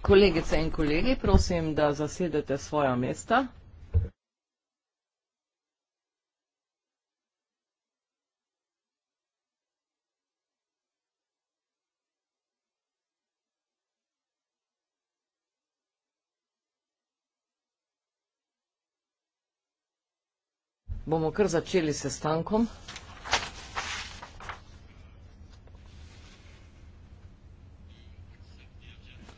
Kolegice in kolegi, prosim, da zasedete svoja mesta. Bomo kar začeli s sestankom.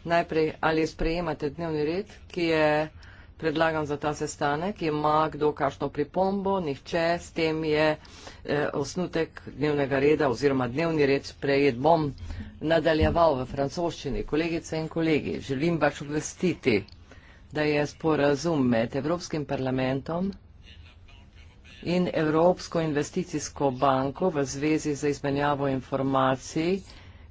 Najprej, ali sprejemate dnevni red, ki je predlagan za ta sestanek, ima kdo kakšno pripombo, nihče, s tem je eh, osnutek dnevnega reda oziroma dnevni red sprejet. Bom nadaljeval v francoščini. Kolegice in kolegi, želim vas obvestiti, da je sporazum med Evropskim parlamentom in Evropsko investicijsko banko v zvezi za izmenjavo informacij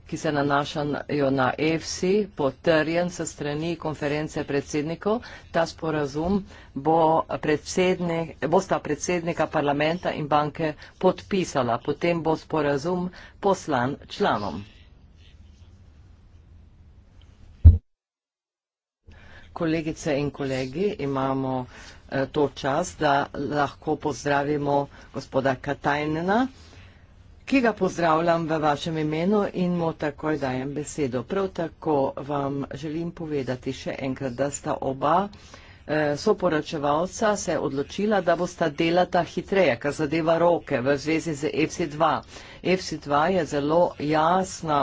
ki se nanašajo na EFSI, potrjen se strani konference predsednikov. Ta sporazum bo predsednik, bosta predsednika parlamenta in banke podpisala. Potem bo sporazum poslan članom. Kolegice in kolegi, imamo eh, to čas, da lahko pozdravimo gospoda Katajnena ki ga pozdravljam v vašem imenu in mu takoj dajem besedo. Prav tako vam želim povedati še enkrat, da sta oba eh, soporočevalca se odločila, da bosta delata hitreje, kar zadeva roke v zvezi z FC2. E FC2 e je zelo jasna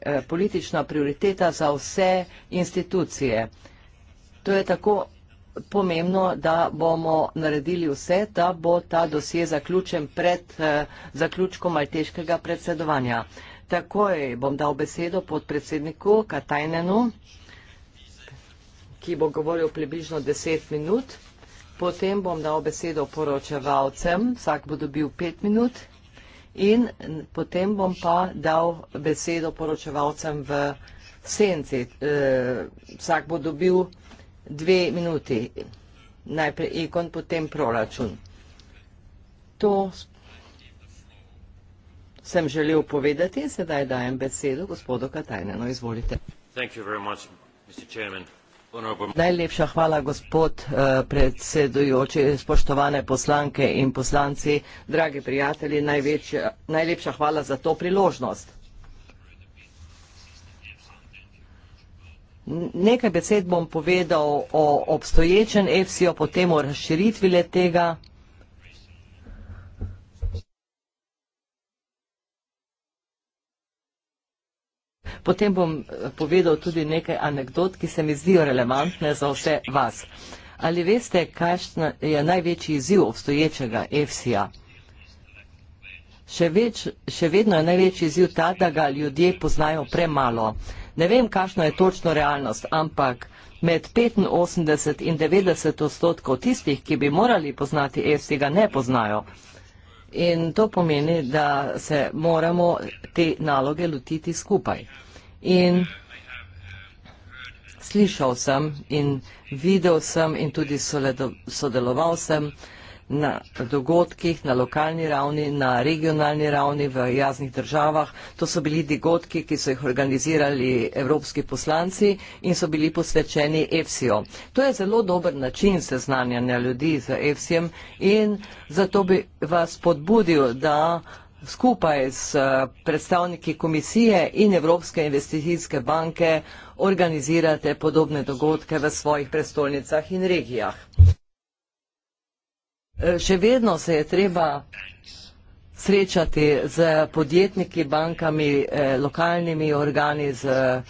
eh, politična prioriteta za vse institucije. To je tako pomembno, da bomo naredili vse, da bo ta dosje zaključen pred eh, zaključkom malteškega predsedovanja. Takoj bom dal besedo podpredsedniku Katajnenu, ki bo govoril približno 10 minut. Potem bom dal besedo poročevalcem, vsak bo dobil 5 minut. In potem bom pa dal besedo poročevalcem v senci. Eh, vsak bo dobil dve minuti. Najprej ikon, potem proračun. To sem želel povedati in sedaj dajem besedo gospodu Katajnenu. Izvolite. Najlepša hvala, gospod eh, predsedujoči, spoštovane poslanke in poslanci, dragi prijatelji, največja, najlepša hvala za to priložnost. Nekaj besed bom povedal o obstoječen EFSI-o, potem o razširitvi le tega. Potem bom eh, povedal tudi nekaj anegdot, ki se mi zdijo relevantne za vse vas. Ali veste, kakšen je največji izziv obstoječega EFSI-a? Še, še vedno je največji izziv ta, da ga ljudje poznajo premalo. Ne vem, kakšna je točno realnost, ampak med 85 in 90 odstotkov tistih, ki bi morali poznati ES, ga ne poznajo. In to pomeni, da se moramo te naloge lotiti skupaj. In slišal sem in videl sem in tudi sodeloval sem, na dogodkih, na lokalni ravni, na regionalni ravni, v jaznih državah. To so bili dogodki, ki so jih organizirali evropski poslanci in so bili posvečeni EFSI-ju. To je zelo dober način seznanjanja ljudi z EFSI-jem in zato bi vas podbudil, da skupaj s eh, predstavniki komisije in Evropske investicijske banke organizirate podobne dogodke v svojih prestolnicah in regijah. Eh, še vedno se je treba srečati z podjetniki, bankami, eh, lokalnimi organi, z eh,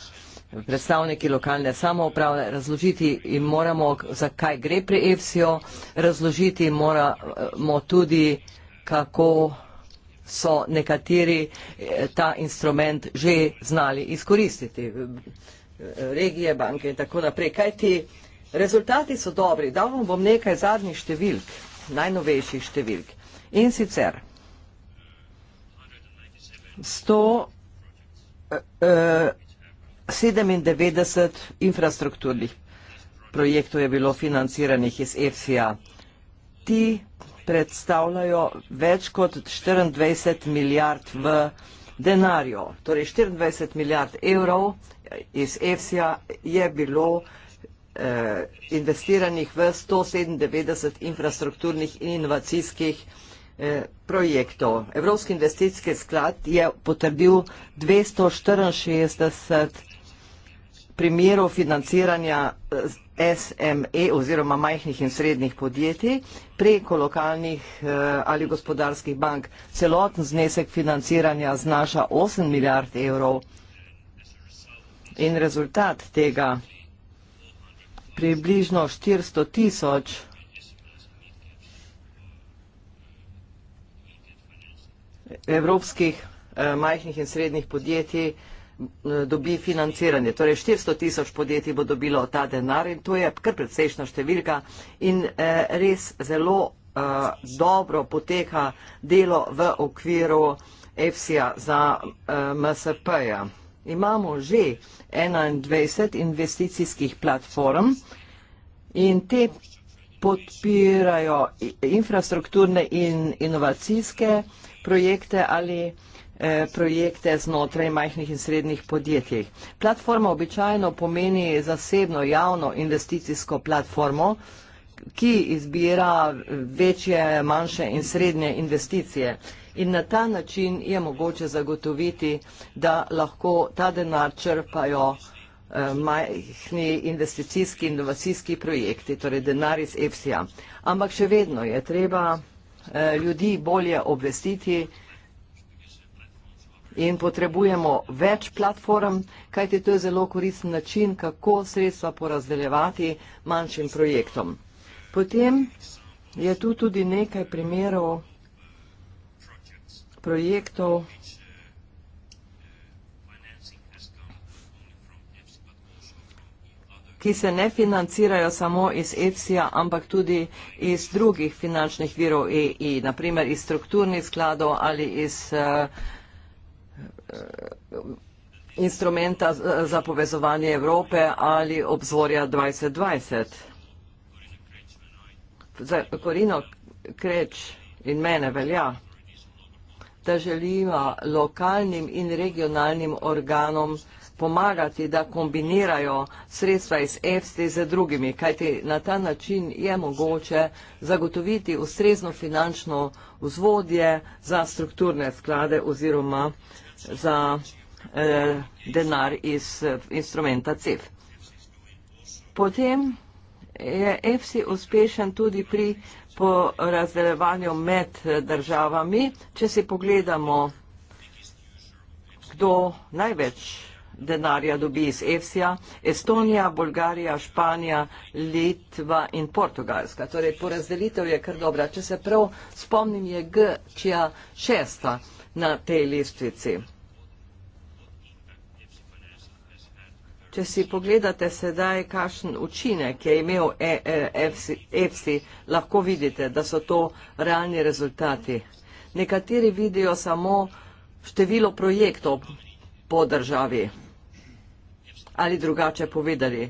predstavniki lokalne samoprave, razložiti jim moramo, zakaj gre pri EFSIO, razložiti moramo tudi, kako so nekateri ta instrument že znali izkoristiti. Regije, banke in tako naprej. Kajti rezultati so dobri. Dal vam bom nekaj zadnjih številk najnovejših številk. In sicer 197 eh, eh, infrastrukturnih projektov je bilo financiranih iz EFSI-a. Ti predstavljajo več kot 24 milijard v denarju. Torej 24 milijard evrov iz EFSI-a je bilo vsega eh, investiranih v 197 infrastrukturnih in inovacijskih eh, projektov. Evropski investicijski sklad je potrdil 264 primerov financiranja eh, SME oziroma majhnih in srednjih podjetij preko lokalnih eh, ali gospodarskih bank. Celoten znesek financiranja znaša 8 milijard evrov in rezultat tega približno 400 tisoč. Evropskih eh, majhnih in srednjih podjetij eh, dobi financiranje. Torej, 400 tisoč podjetij bo dobilo ta denar in to je kar precejšna številka in eh, res zelo eh, dobro poteka delo v okviru EFSI-ja za eh, MSP-ja imamo že 21 investicijskih platform in te podpirajo infrastrukturne in inovacijske projekte ali eh, projekte znotraj majhnih in srednjih podjetjih. Platforma običajno pomeni zasebno javno investicijsko platformo, ki izbira večje, manjše in srednje investicije in na ta način je mogoče zagotoviti, da lahko ta denar črpajo eh, majhni investicijski in inovacijski projekti, torej denar iz EPSI-ja. Ampak še vedno je treba eh, ljudi bolje obvestiti in potrebujemo več platform, kajti to je zelo koristen način, kako sredstva porazdeljevati manjšim projektom. Potem je tu tudi nekaj primerov, projektov ki se ne financirajo samo iz EFSI-ja, ampak tudi iz drugih finančnih virov EI, naprimer iz strukturnih skladov ali iz eh, eh, instrumenta eh, za povezovanje Evrope ali obzorja 2020. Korino Kreč in mene velja da želimo lokalnim in regionalnim organom pomagati, da kombinirajo sredstva iz EFSTE z drugimi, kajti na ta način je mogoče zagotoviti ustrezno finančno vzvodje za strukturne sklade oziroma za eh, denar iz instrumenta CEF. Potem je EFSI uspešen tudi pri po razdelevanju med državami, če si pogledamo, kdo največ denarja dobi iz EFSI-ja, Estonija, Bolgarija, Španija, Litva in Portugalska. Torej, porazdelitev je kar dobra. Če se prav spomnim, je G, čija šesta na tej listvici. Če si pogledate sedaj, kakšen učinek je imel EFSI, e, lahko vidite, da so to realni rezultati. Nekateri vidijo samo število projektov po državi ali drugače povedali,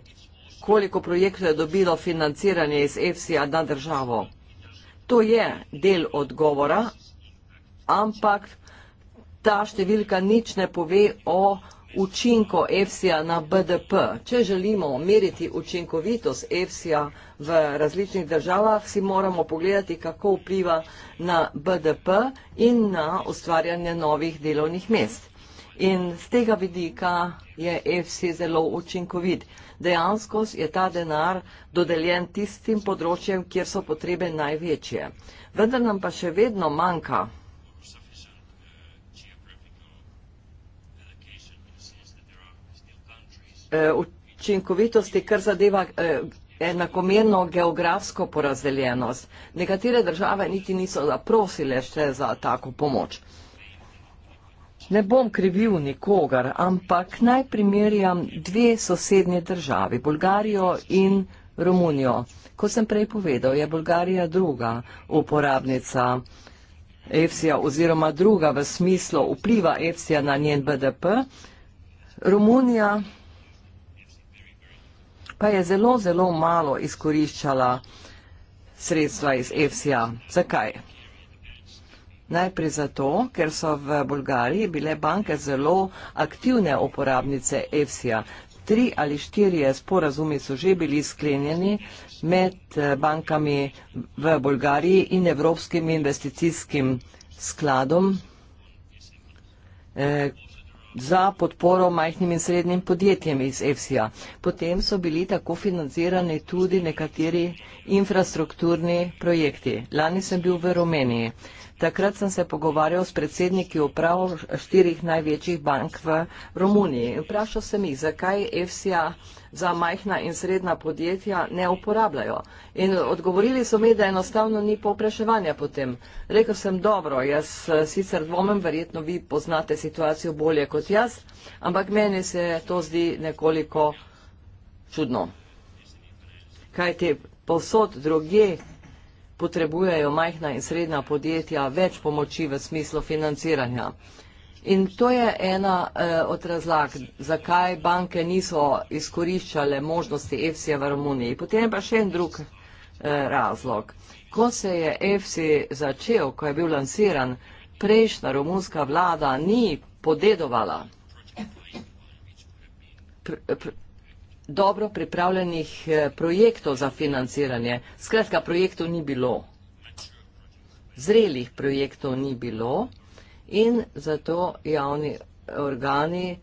koliko projektov je dobilo financiranje iz EFSI-a na državo. To je del odgovora, ampak ta številka nič ne pove o projektu učinko EFSI-ja na BDP. Če želimo meriti učinkovitost EFSI-ja v različnih državah, si moramo pogledati, kako vpliva na BDP in na ustvarjanje novih delovnih mest. In z tega vidika je EFSI zelo učinkovit. Dejansko je ta denar dodeljen tistim področjem, kjer so potrebe največje. Vendar nam pa še vedno manjka Eh, učinkovitosti, kar zadeva eh, enakomerno geografsko porazdeljenost. Nekatere države niti niso zaprosile še za tako pomoč. Ne bom krivil nikogar, ampak naj primerjam dve sosednje državi, Bolgarijo in Romunijo. Ko sem prej povedal, je Bolgarija druga uporabnica EFSI-ja oziroma druga v smislu vpliva EFSI-ja na njen BDP. Romunija pa je zelo, zelo malo izkoriščala sredstva iz EFSA. Zakaj? Najprej zato, ker so v Bolgariji bile banke zelo aktivne uporabnice EFSA. Tri ali štiri sporazumi so že bili sklenjeni med eh, bankami v Bolgariji in Evropskim investicijskim skladom, eh, za podporo majhnim in srednjim podjetjem iz EFSI-ja. Potem so bili tako financirani tudi nekateri infrastrukturni projekti. Lani sem bil v Romeniji. Takrat sem se pogovarjal s predsedniki uprav štirih največjih bank v Romuniji. Vprašal sem jih, zakaj EFSI-ja za majhna in srednja podjetja ne uporabljajo. In odgovorili so mi, da enostavno ni povpraševanja potem. Rekl sem, dobro, jaz eh, sicer dvomem, verjetno vi poznate situacijo bolje kot jaz, ampak meni se to zdi nekoliko čudno. Kaj te posod drugi potrebujejo majhna in srednja podjetja več pomoči v smislu financiranja. In to je ena eh, od razlag, zakaj banke niso izkoriščale možnosti EFSI v Romuniji. Potem je pa še en drug eh, razlog. Ko se je EFSI začel, ko je bil lansiran, prejšnja romunska vlada ni podedovala. Pr, pr, dobro pripravljenih eh, projektov za financiranje. Skratka, projektov ni bilo. Zrelih projektov ni bilo in zato javni organi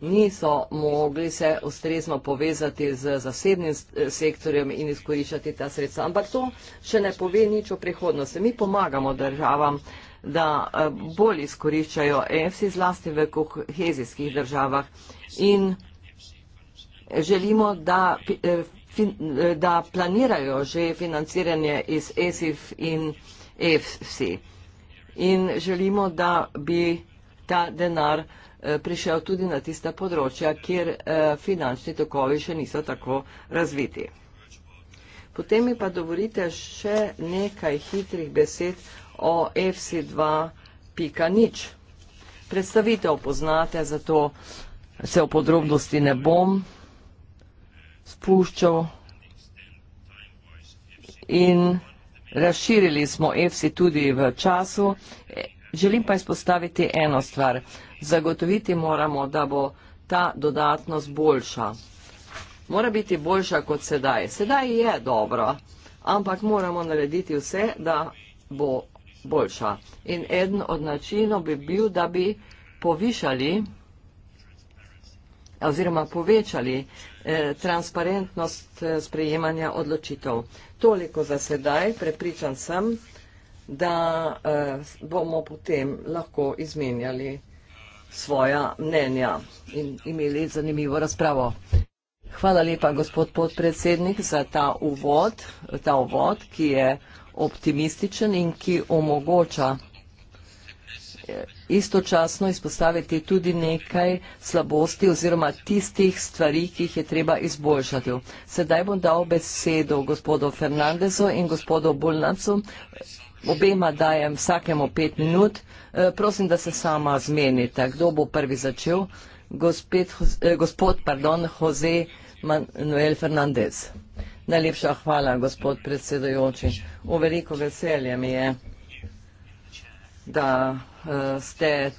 niso mogli se ustrezno povezati z zasebnim eh, sektorjem in izkoriščati ta sredstva. Ampak to še ne pove nič o prihodnosti. Mi pomagamo državam, da eh, bolj izkoriščajo EFSI zlasti v kohezijskih državah in državah želimo, da, eh, eh, da planirajo že financiranje iz ESIF in EFC. In želimo, da bi ta denar eh, prišel tudi na tista področja, kjer finančni tokovi še niso tako razviti. Potem mi pa dovolite še nekaj hitrih besed o FC2.0. Predstavitev poznate, zato se v podrobnosti ne bom spuščal in razširili smo EFSI tudi v času. Želim pa izpostaviti eno stvar. Zagotoviti moramo, da bo ta dodatnost boljša. Mora biti boljša kot sedaj. Sedaj je dobro, ampak moramo narediti vse, da bo boljša. In eden od načinov bi bil, da bi povišali oziroma povečali eh, transparentnost eh, sprejemanja odločitev. Toliko za sedaj, prepričan sem, da eh, bomo potem lahko izmenjali svoja mnenja in imeli zanimivo razpravo. Hvala lepa, gospod podpredsednik, za ta uvod, ta uvod, ki je optimističen in ki omogoča istočasno izpostaviti tudi nekaj slabosti oziroma tistih stvari, ki jih je treba izboljšati. Sedaj bom dal besedo gospodu Fernandezu in gospodu Bulnacu. Obema dajem vsakemu pet minut. E, prosim, da se sama zmenite, kdo bo prvi začel. Gospod, e, gospod pardon, Jose Manuel Fernandez. Najlepša hvala, gospod predsedojoči. O veliko veselje mi je da eh, ste eh,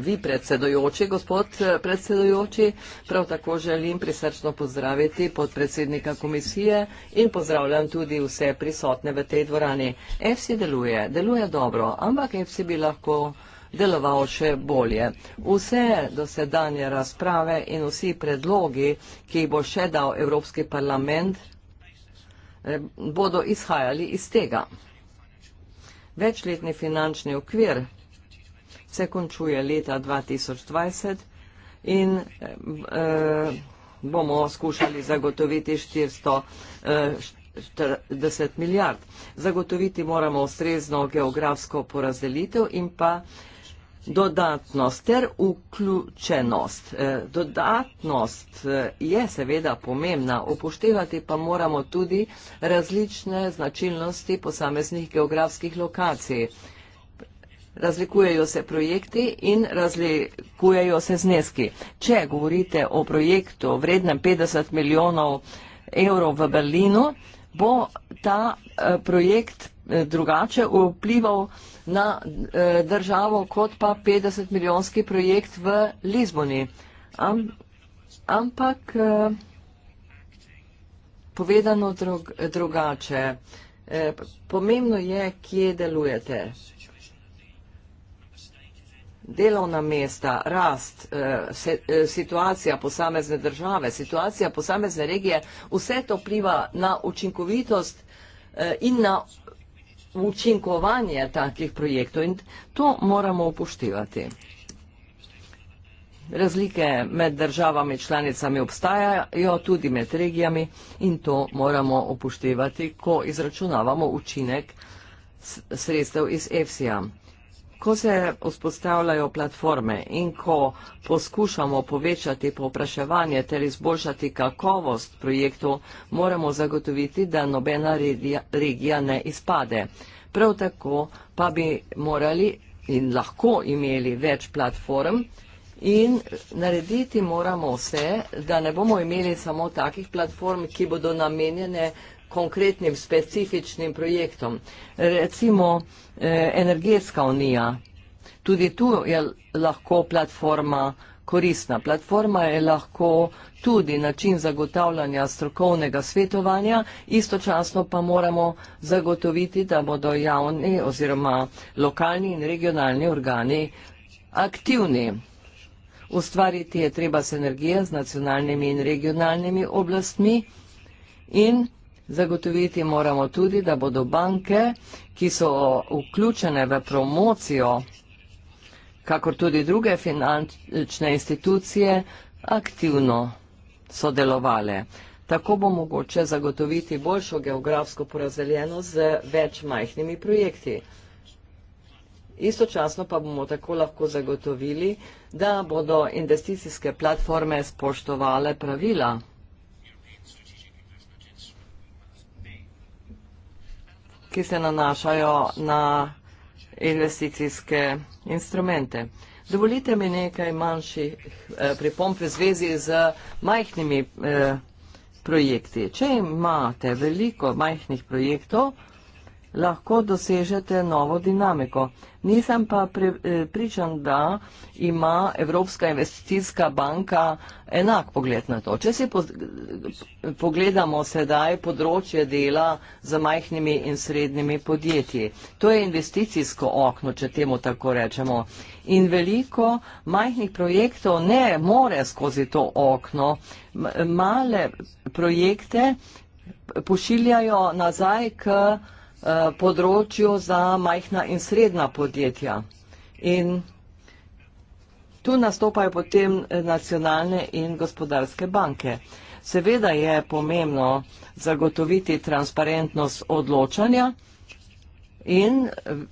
vi predsedujoči, gospod eh, predsedujoči. Prav tako želim prisrčno pozdraviti podpredsednika komisije in pozdravljam tudi vse prisotne v tej dvorani. EFSI deluje, deluje dobro, ampak EFSI bi lahko deloval še bolje. Vse dosedanje razprave in vsi predlogi, ki jih bo še dal Evropski parlament, bodo izhajali iz tega. Večletni finančni okvir se končuje leta 2020 in eh, bomo skušali zagotoviti 410 eh, milijard. Zagotoviti moramo ustrezno geografsko porazdelitev in pa eh, Dodatnost ter vključenost. E, dodatnost e, je seveda pomembna, upoštevati pa moramo tudi različne značilnosti posameznih geografskih lokacij. Razlikujejo se projekti in razlikujejo se zneski. Če govorite o projektu vrednem 50 milijonov evrov v Berlinu, bo ta e, projekt drugače vplival na eh, državo kot pa 50-milijonski projekt v Lizboni. Am, ampak eh, povedano drug, drugače, eh, pomembno je, kje delujete. Delovna mesta, rast, situacija posamezne države, situacija posamezne regije, vse to pliva na učinkovitost in na učinkovanje takih projektov in to moramo upoštevati. Razlike med državami članicami obstajajo tudi med regijami in to moramo upoštevati, ko izračunavamo učinek sredstev iz EFSI-a. Ko se vzpostavljajo platforme in ko poskušamo povečati povpraševanje ter izboljšati kakovost projektov, moramo zagotoviti, da nobena regija, regija ne izpade. Prav tako pa bi morali in lahko imeli več platform in narediti moramo vse, da ne bomo imeli samo takih platform, ki bodo namenjene konkretnim specifičnim projektom. Recimo eh, energetska unija. Tudi tu je lahko platforma koristna. Platforma je lahko tudi način zagotavljanja strokovnega svetovanja, istočasno pa moramo zagotoviti, da bodo javni oziroma lokalni in regionalni organi aktivni. Ustvariti je treba sinergije z nacionalnimi in regionalnimi oblastmi in Zagotoviti moramo tudi, da bodo banke, ki so vključene v promocijo, kakor tudi druge finančne institucije, aktivno sodelovale. Tako bo mogoče zagotoviti boljšo geografsko porazdeljenost z več majhnimi projekti. Istočasno pa bomo tako lahko zagotovili, da bodo investicijske platforme spoštovale pravila. ki se nanašajo na investicijske instrumente. Dovolite mi nekaj manjših eh, pripomp v zvezi z majhnimi eh, projekti. Če imate veliko majhnih projektov, lahko dosežete novo dinamiko. Nisem pa eh, pričan, da ima Evropska investicijska banka enak pogled na to. Če si pogledamo sedaj področje dela za majhnimi in srednjimi podjetji, to je investicijsko okno, če temu tako rečemo. In veliko majhnih projektov ne more skozi to okno. Male projekte pošiljajo nazaj k Eh, področju za majhna in srednja podjetja. In tu nastopajo potem nacionalne in gospodarske banke. Seveda je pomembno zagotoviti transparentnost odločanja in eh,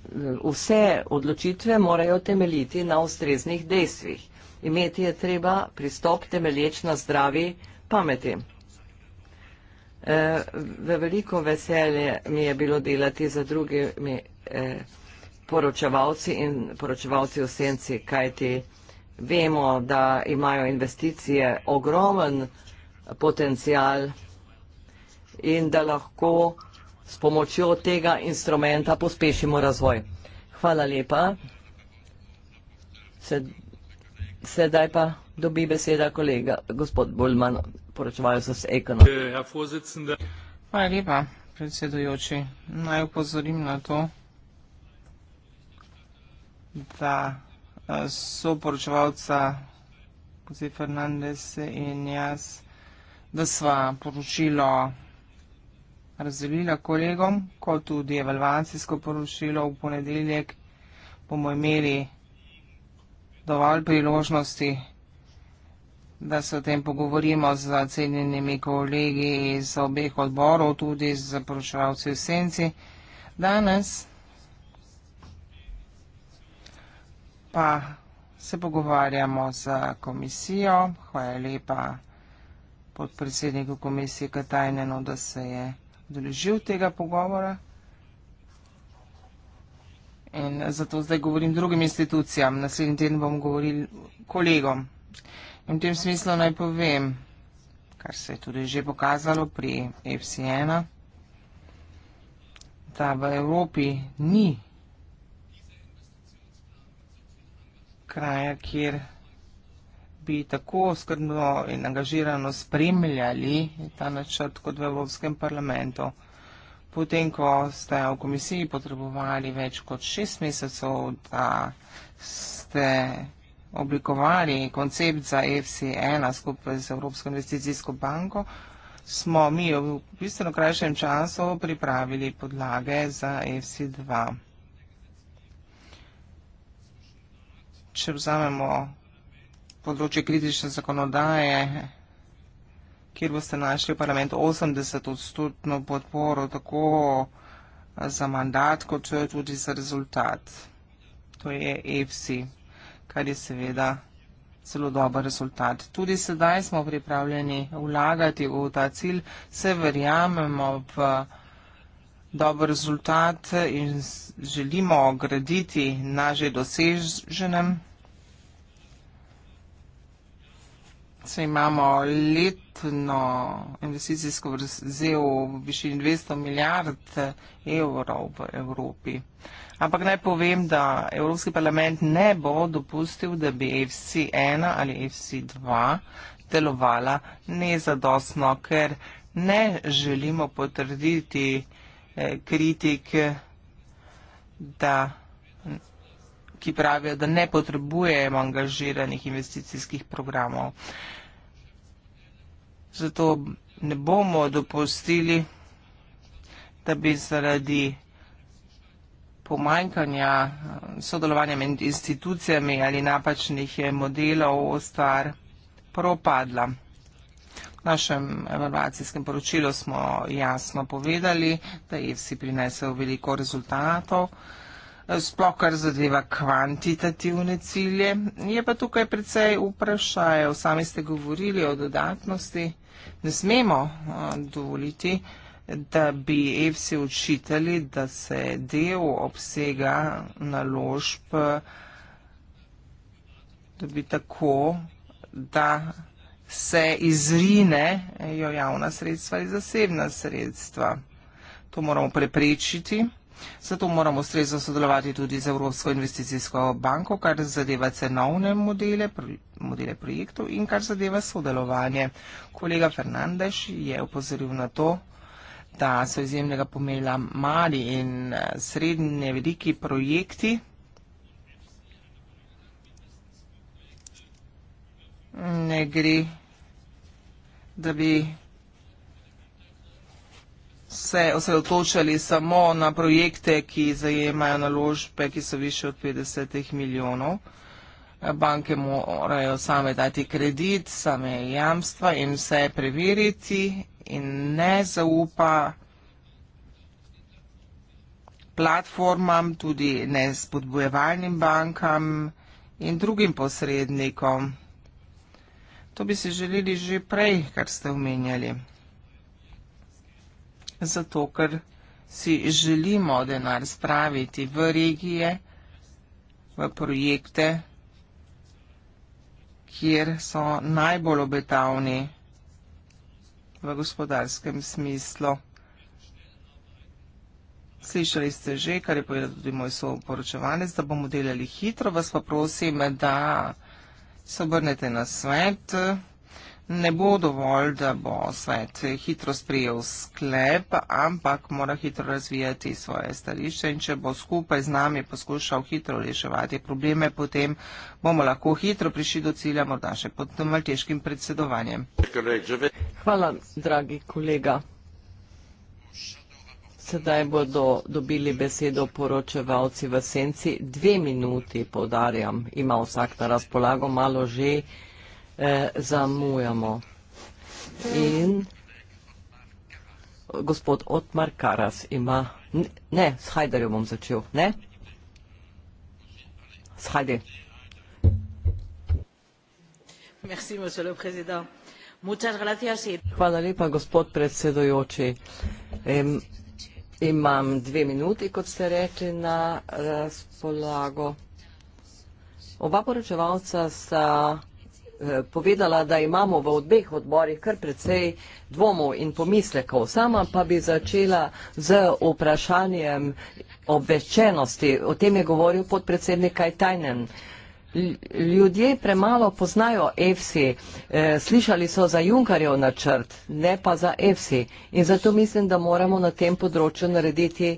vse odločitve morajo temeljiti na ustreznih dejstvih. Imeti je treba pristop temelječ na zdravi pameti. Eh, v veliko veselje mi je bilo delati za drugimi eh, poročevalci in poročevalci v senci, kajti vemo, da imajo investicije ogromen potencial in da lahko s pomočjo tega instrumenta pospešimo razvoj. Hvala lepa. Sedaj pa dobi beseda kolega gospod Bulmanov poročevalo za Sekano. Hvala lepa, predsedujoči. Naj upozorim na to, da eh, so poročevalca Jose Fernandez in jaz, da sva poročilo razdelila kolegom, kot tudi evalvacijsko poročilo v ponedeljek bomo imeli dovolj priložnosti, da se o tem pogovorimo z cenjenimi kolegi iz obeh odborov, tudi z zaprošalci v senci. Danes pa se pogovarjamo z komisijo. Hvala lepa podpredsedniku komisije Katajneno, da se je odeležil tega pogovora. In zato zdaj govorim drugim institucijam. Naslednji teden bom govoril kolegom. In v tem smislu naj povem, kar se je tudi že pokazalo pri EPSI-1, da v Evropi ni kraja, kjer bi tako skrbno in angažirano spremljali ta načrt kot v Evropskem parlamentu. Potem, ko ste v komisiji potrebovali več kot šest mesecev, da ste oblikovali koncept za e FC1 skupaj z Evropsko investicijsko banko, smo mi v bistveno krajšem času pripravili podlage za e FC2. Če vzamemo področje kritične zakonodaje, kjer boste našli v parlamentu 80 odstotno podporo tako za mandat, kot tudi za rezultat. To je EFSI kar je seveda zelo dober rezultat. Tudi sedaj smo pripravljeni vlagati v ta cilj, se verjamemo v dober rezultat in želimo graditi na že doseženem. Se imamo letno investicijsko vrzel v višini 200 milijard evrov v Evropi ampak naj povem, da Evropski parlament ne bo dopustil, da bi FC1 ali FC2 delovala nezadostno, ker ne želimo potrditi eh, kritik, da, ki pravijo, da ne potrebujemo angažiranih investicijskih programov. Zato ne bomo dopustili, da bi zaradi pomanjkanja sodelovanja med institucijami ali napačnih modelov stvar propadla. V našem evalvacijskem poročilu smo jasno povedali, da je vsi prinesel veliko rezultatov, sploh kar zadeva kvantitativne cilje. Je pa tukaj precej vprašaj, sami ste govorili o dodatnosti, ne smemo eh, dovoliti, da bi EFSI očitali, da se del obsega naložb dobi tako, da se izrinejo javna sredstva ali zasebna sredstva. To moramo preprečiti. Zato moramo ustrezno sodelovati tudi z Evropsko investicijsko banko, kar zadeva cenovne modele, modele projektov in kar zadeva sodelovanje. Kolega Fernandeš je upozoril na to, leta so izjemnega pomela mali in eh, srednje veliki projekti. Ne gre, da bi se osredotočali samo na projekte, ki zajemajo naložbe, ki so više od 50 milijonov banke morajo same dati kredit, same jamstva in vse preveriti in ne zaupa platformam, tudi ne spodbojevalnim bankam in drugim posrednikom. To bi si želeli že prej, kar ste omenjali. Zato, ker si želimo denar spraviti v regije, v projekte, kjer so najbolj obetavni v gospodarskem smislu. Slišali ste že, kar je povedal tudi moj soporočevanec, da bomo delali hitro. Vas pa prosim, da se obrnete na svet, ne bo dovolj, da bo svet hitro sprejel sklep, ampak mora hitro razvijati svoje stališče in če bo skupaj z nami poskušal hitro reševati probleme, potem bomo lahko hitro prišli do cilja, morda še pod malteškim predsedovanjem. Hvala, dragi kolega. Sedaj bodo dobili besedo poročevalci v senci. Dve minuti, povdarjam, ima vsak na razpolago, malo že eh, zamujamo. In gospod Otmar Karas ima, ne, s Hajderjem bom začel, ne? S Hajde. Merci, monsieur le président. Muchas gracias. Hvala lepa, gospod predsedojoči. Em, imam dve minuti, kot ste rekli, na razpolago. Oba poročevalca sta povedala, da imamo v obeh odborih kar precej dvomov in pomislekov. Sama pa bi začela z vprašanjem obveščenosti. O tem je govoril podpredsednik Kajtajnen. Ljudje premalo poznajo EFSI, eh, slišali so za Junkarjev načrt, ne pa za EFSI. In zato mislim, da moramo na tem področju narediti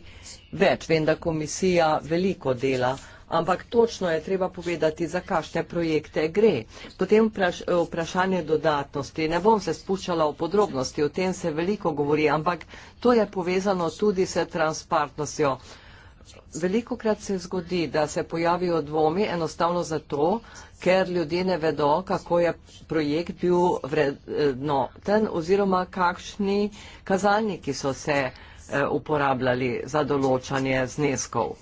več. Vem, da komisija veliko dela, ampak točno je treba povedati, za kakšne projekte gre. Potem vpraš vprašanje dodatnosti. Ne bom se spuščala v podrobnosti, o tem se veliko govori, ampak to je povezano tudi s transparentnostjo. Veliko krat se zgodi, da se pojavijo dvomi enostavno zato, ker ljudje ne vedo, kako je projekt bil vrednoten oziroma kakšni kazalniki so se eh, uporabljali za določanje zneskov.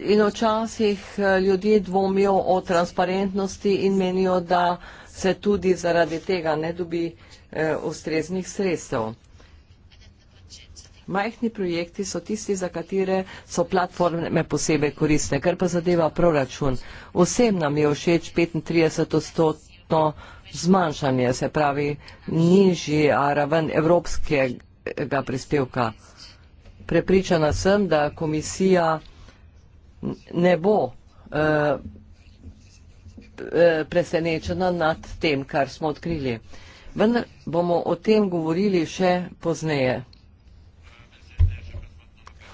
in včasih eh, ljudje dvomijo o transparentnosti in menijo, da se tudi zaradi tega ne dobi eh, ustreznih sredstev. Majhni projekti so tisti, za katere so platforme posebej koristne, ker pa zadeva proračun. Vsem nam je všeč 35 odstotno zmanjšanje, se pravi nižji raven evropskega prispevka. Prepričana sem, da komisija ne bo uh, presenečena nad tem, kar smo odkrili. Vendar bomo o tem govorili še pozneje.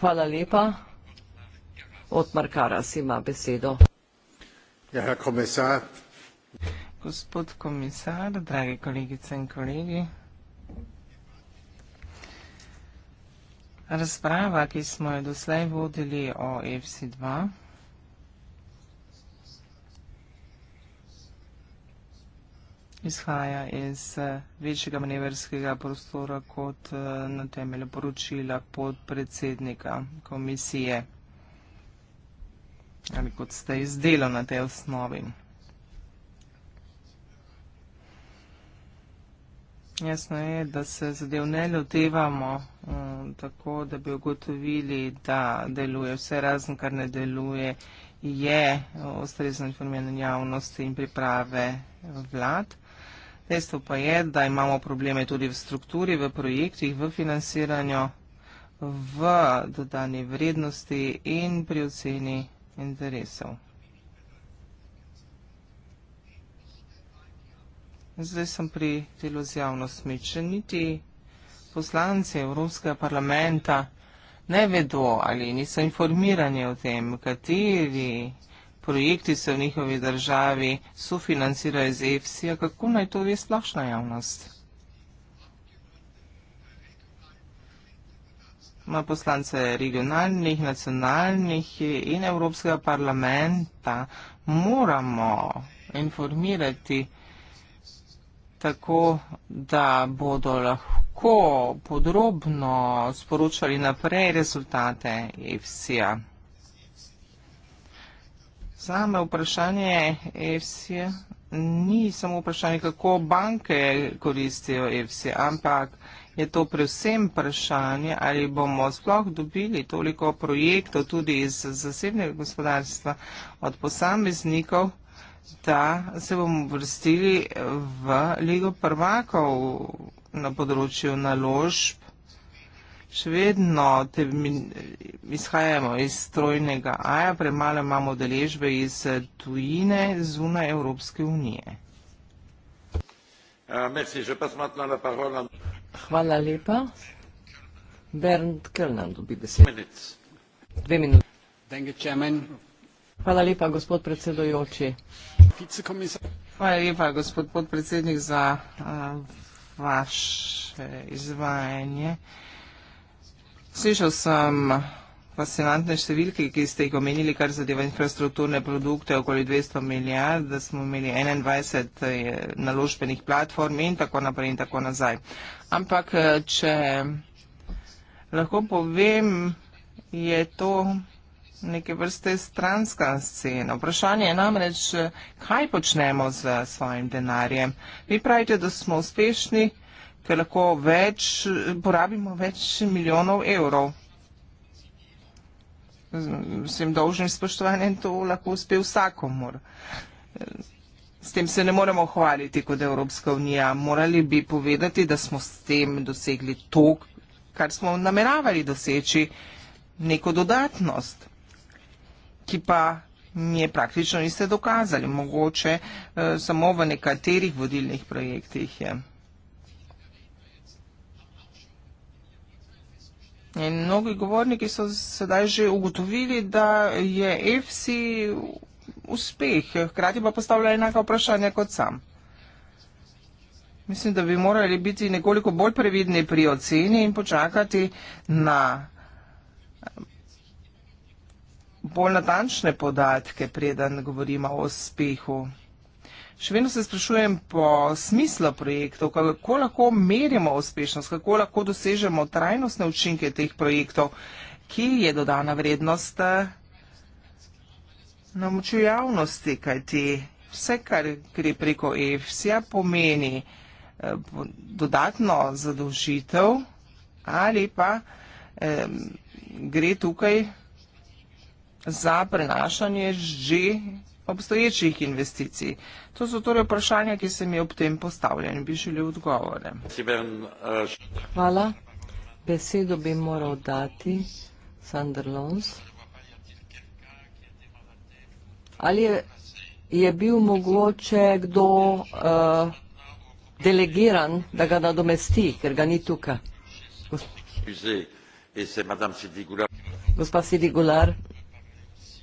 Hvala lepa. Otmar Karas ima besedo. Ja, komisar. Gospod komisar, dragi kolegice in kolegi. Razprava, ki smo jo doslej vodili o EFSI 2, izhaja iz večjega manevrskega prostora kot eh, na temelju poročila podpredsednika komisije ali kot ste izdelali na tej osnovi. Jasno je, da se zadev ne lotevamo mm, tako, da bi ugotovili, da deluje vse razen, kar ne deluje, je ustrezno informiranje javnosti in priprave vlad. Dejstvo pa je, da imamo probleme tudi v strukturi, v projektih, v financiranju, v dodani vrednosti in pri oceni interesov. Zdaj sem pri delu z javnostmi. Če niti poslanci Evropskega parlamenta ne vedo ali niso informirani o tem, kateri projekti se v njihovi državi sufinancirajo iz EFSI-ja, kako naj to ve splošna javnost? Ma poslance regionalnih, nacionalnih in Evropskega parlamenta moramo informirati, tako da bodo lahko podrobno sporočali naprej rezultate EFSI-ja. Zame vprašanje EFSI-ja ni samo vprašanje, kako banke koristijo EFSI, ampak je to predvsem vprašanje, ali bomo sploh dobili toliko projektov tudi iz zasebnega gospodarstva od posameznikov, da se bomo vrstili v Ligo prvakov na področju naložb. Še vedno te, mi, izhajamo iz strojnega aja, premalo imamo deležbe iz tujine zunaj Evropske unije. Ja, Hvala lepa. Bernd Kelner dobi besedo. Dve minuti. Hvala lepa, gospod predsedujoči. Hvala lepa, gospod podpredsednik, za uh, vaše izvajanje. Slišal sem fascinantne številke, ki ste jih omenili, kar zadeva infrastrukturne produkte, okoli 200 milijard, da smo imeli 21 eh, naložbenih platform in tako naprej in tako nazaj. Ampak, eh, če lahko povem, je to neke vrste stranska scena. Vprašanje je namreč, kaj počnemo z svojim denarjem. Vi pravite, da smo uspešni, ker lahko več, porabimo več milijonov evrov. Vsem dolžnim spoštovanjem to lahko uspe vsakomor. S tem se ne moremo hvaliti kot Evropska unija. Morali bi povedati, da smo s tem dosegli to, kar smo nameravali doseči, neko dodatnost ki pa je praktično niste dokazali, mogoče uh, samo v nekaterih vodilnih projektih je. In mnogi govorniki so sedaj že ugotovili, da je EFSI uspeh, hkrati pa postavlja enaka vprašanja kot sam. Mislim, da bi morali biti nekoliko bolj previdni pri oceni in počakati na bolj natančne podatke, preden govorimo o uspehu. Še vedno se sprašujem po smislu projektov, kako lahko merimo uspešnost, kako lahko dosežemo trajnostne učinke teh projektov, kje je dodana vrednost eh, na moču javnosti, kajti vse, kar gre preko EFSI-a, pomeni eh, dodatno zadolžitev ali pa eh, gre tukaj za prenašanje že obstoječih investicij. To so torej vprašanja, ki se mi ob tem postavljajo in bi želel odgovore. Hvala. Besedo bi moral dati Sander Lons. Ali je, je bil mogoče kdo uh, delegiran, da ga nadomesti, ker ga ni tukaj? Gospa Sidigular,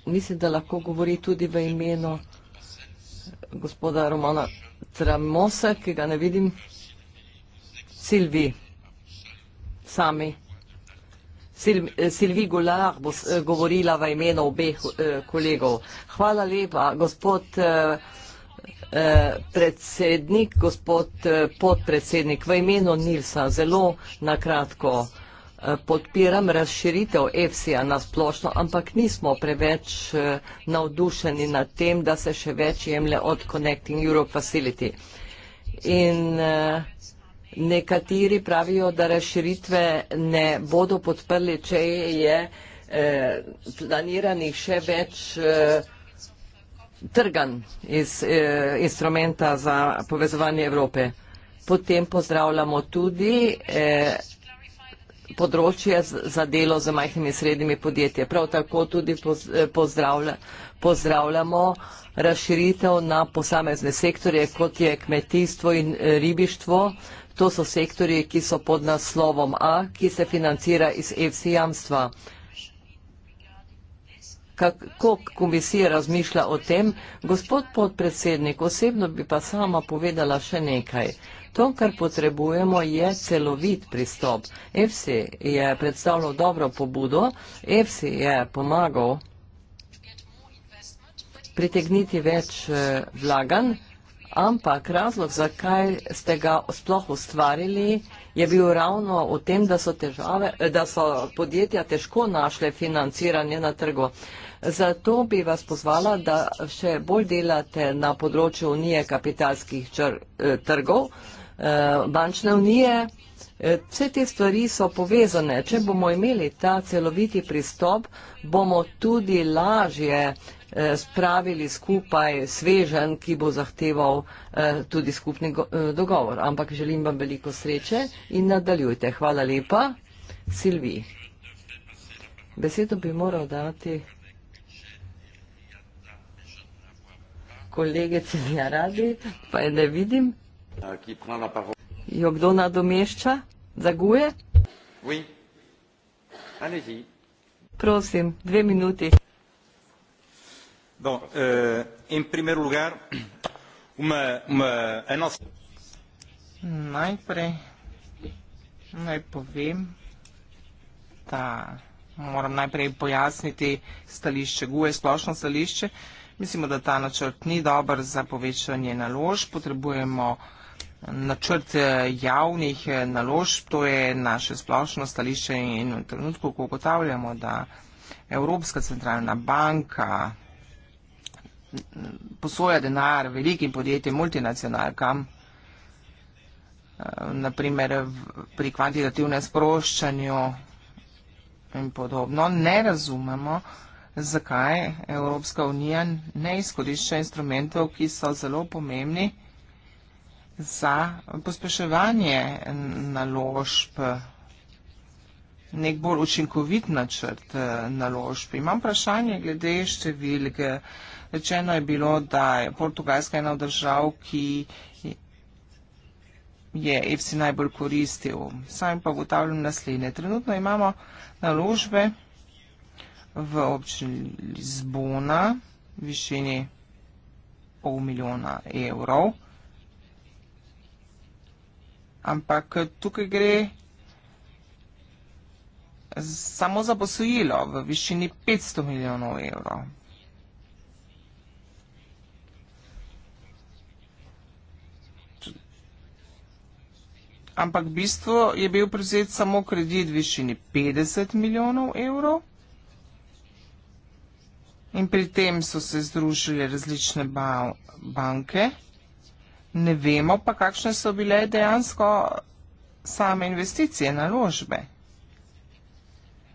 mislim, da lahko govori tudi v imenu gospoda Romana Tramosa, ki ga ne vidim. Silvi, sami. Sil, eh, Silvi Goulart bo eh, govorila v imenu obeh eh, kolegov. Hvala lepa, gospod predsednik, gospod podpredsednik, v imenu Nilsa, zelo nakratko. Eh, podpiram razširitev EFSI-ja na splošno, ampak nismo preveč eh, navdušeni nad tem, da se še več jemlje od Connecting Europe Facility. In eh, nekateri pravijo, da razširitve ne bodo podprli, če je planiranih še več trgan iz instrumenta za povezovanje Evrope. Potem pozdravljamo tudi razširitve, področje za delo z majhnimi in srednjimi podjetji. Prav tako tudi eh, pozdravlja, pozdravljamo razširitev na posamezne sektorje, kot je kmetijstvo in eh, ribištvo. To so sektorji, ki so pod naslovom A, ki se financira iz EFSI jamstva. Kako komisija razmišlja o tem? Gospod podpredsednik, osebno bi pa sama povedala še nekaj. To, kar potrebujemo, je celovit pristop. EFSI je predstavljal dobro pobudo, EFSI je pomagal pritegniti več eh, vlagan, ampak razlog, zakaj ste ga sploh ustvarili, je bil ravno v tem, da so, težave, eh, da so podjetja težko našle financiranje na trgu. Zato bi vas pozvala, da še bolj delate na področju Unije kapitalskih eh, trgov. Eh, bančne unije. Eh, vse te stvari so povezane. Če bomo imeli ta celoviti pristop, bomo tudi lažje eh, spravili skupaj svežen, ki bo zahteval tudi skupni dogovor. Ampak želim vam veliko sreče in nadaljujte. Hvala lepa. Silvi. Besedo bi moral dati kolegici Njaradi, pa je ne vidim. Jo kdo nadomešča? Zaguje? Oui. Allez-y. Prosim, dve minuti. Bon, euh, in primer lugar, uma, uma, a nossa... Najprej naj povem, da moram najprej pojasniti stališče GUE, splošno stališče. Mislimo, da ta načrt ni dober za povečanje nalož, potrebujemo uh, načrt eh, javnih eh, naložb, to je naše splošno stališče in v trenutku, ko ugotavljamo, da Evropska centralna banka mm, posoja denar velikim podjetjem, multinacionalkam, eh, naprimer pri kvantitativnem sproščanju in podobno, ne razumemo, zakaj Evropska unija ne izkorišča instrumentov, ki so zelo pomembni, za pospeševanje naložb, nek bolj učinkovit načrt eh, naložb. Imam vprašanje glede številke. Rečeno je bilo, da je Portugalska ena od držav, ki je EFSI najbolj koristil. Sam pa ugotavljam naslednje. Trenutno imamo naložbe v občini Lizbona v višini pol milijona evrov ampak tukaj gre samo za posojilo v višini 500 milijonov evrov. Ampak bistvo je bil prevzeti samo kredit v višini 50 milijonov evrov in pri tem so se združili različne banke, ne vemo pa, kakšne so bile dejansko same investicije na ložbe.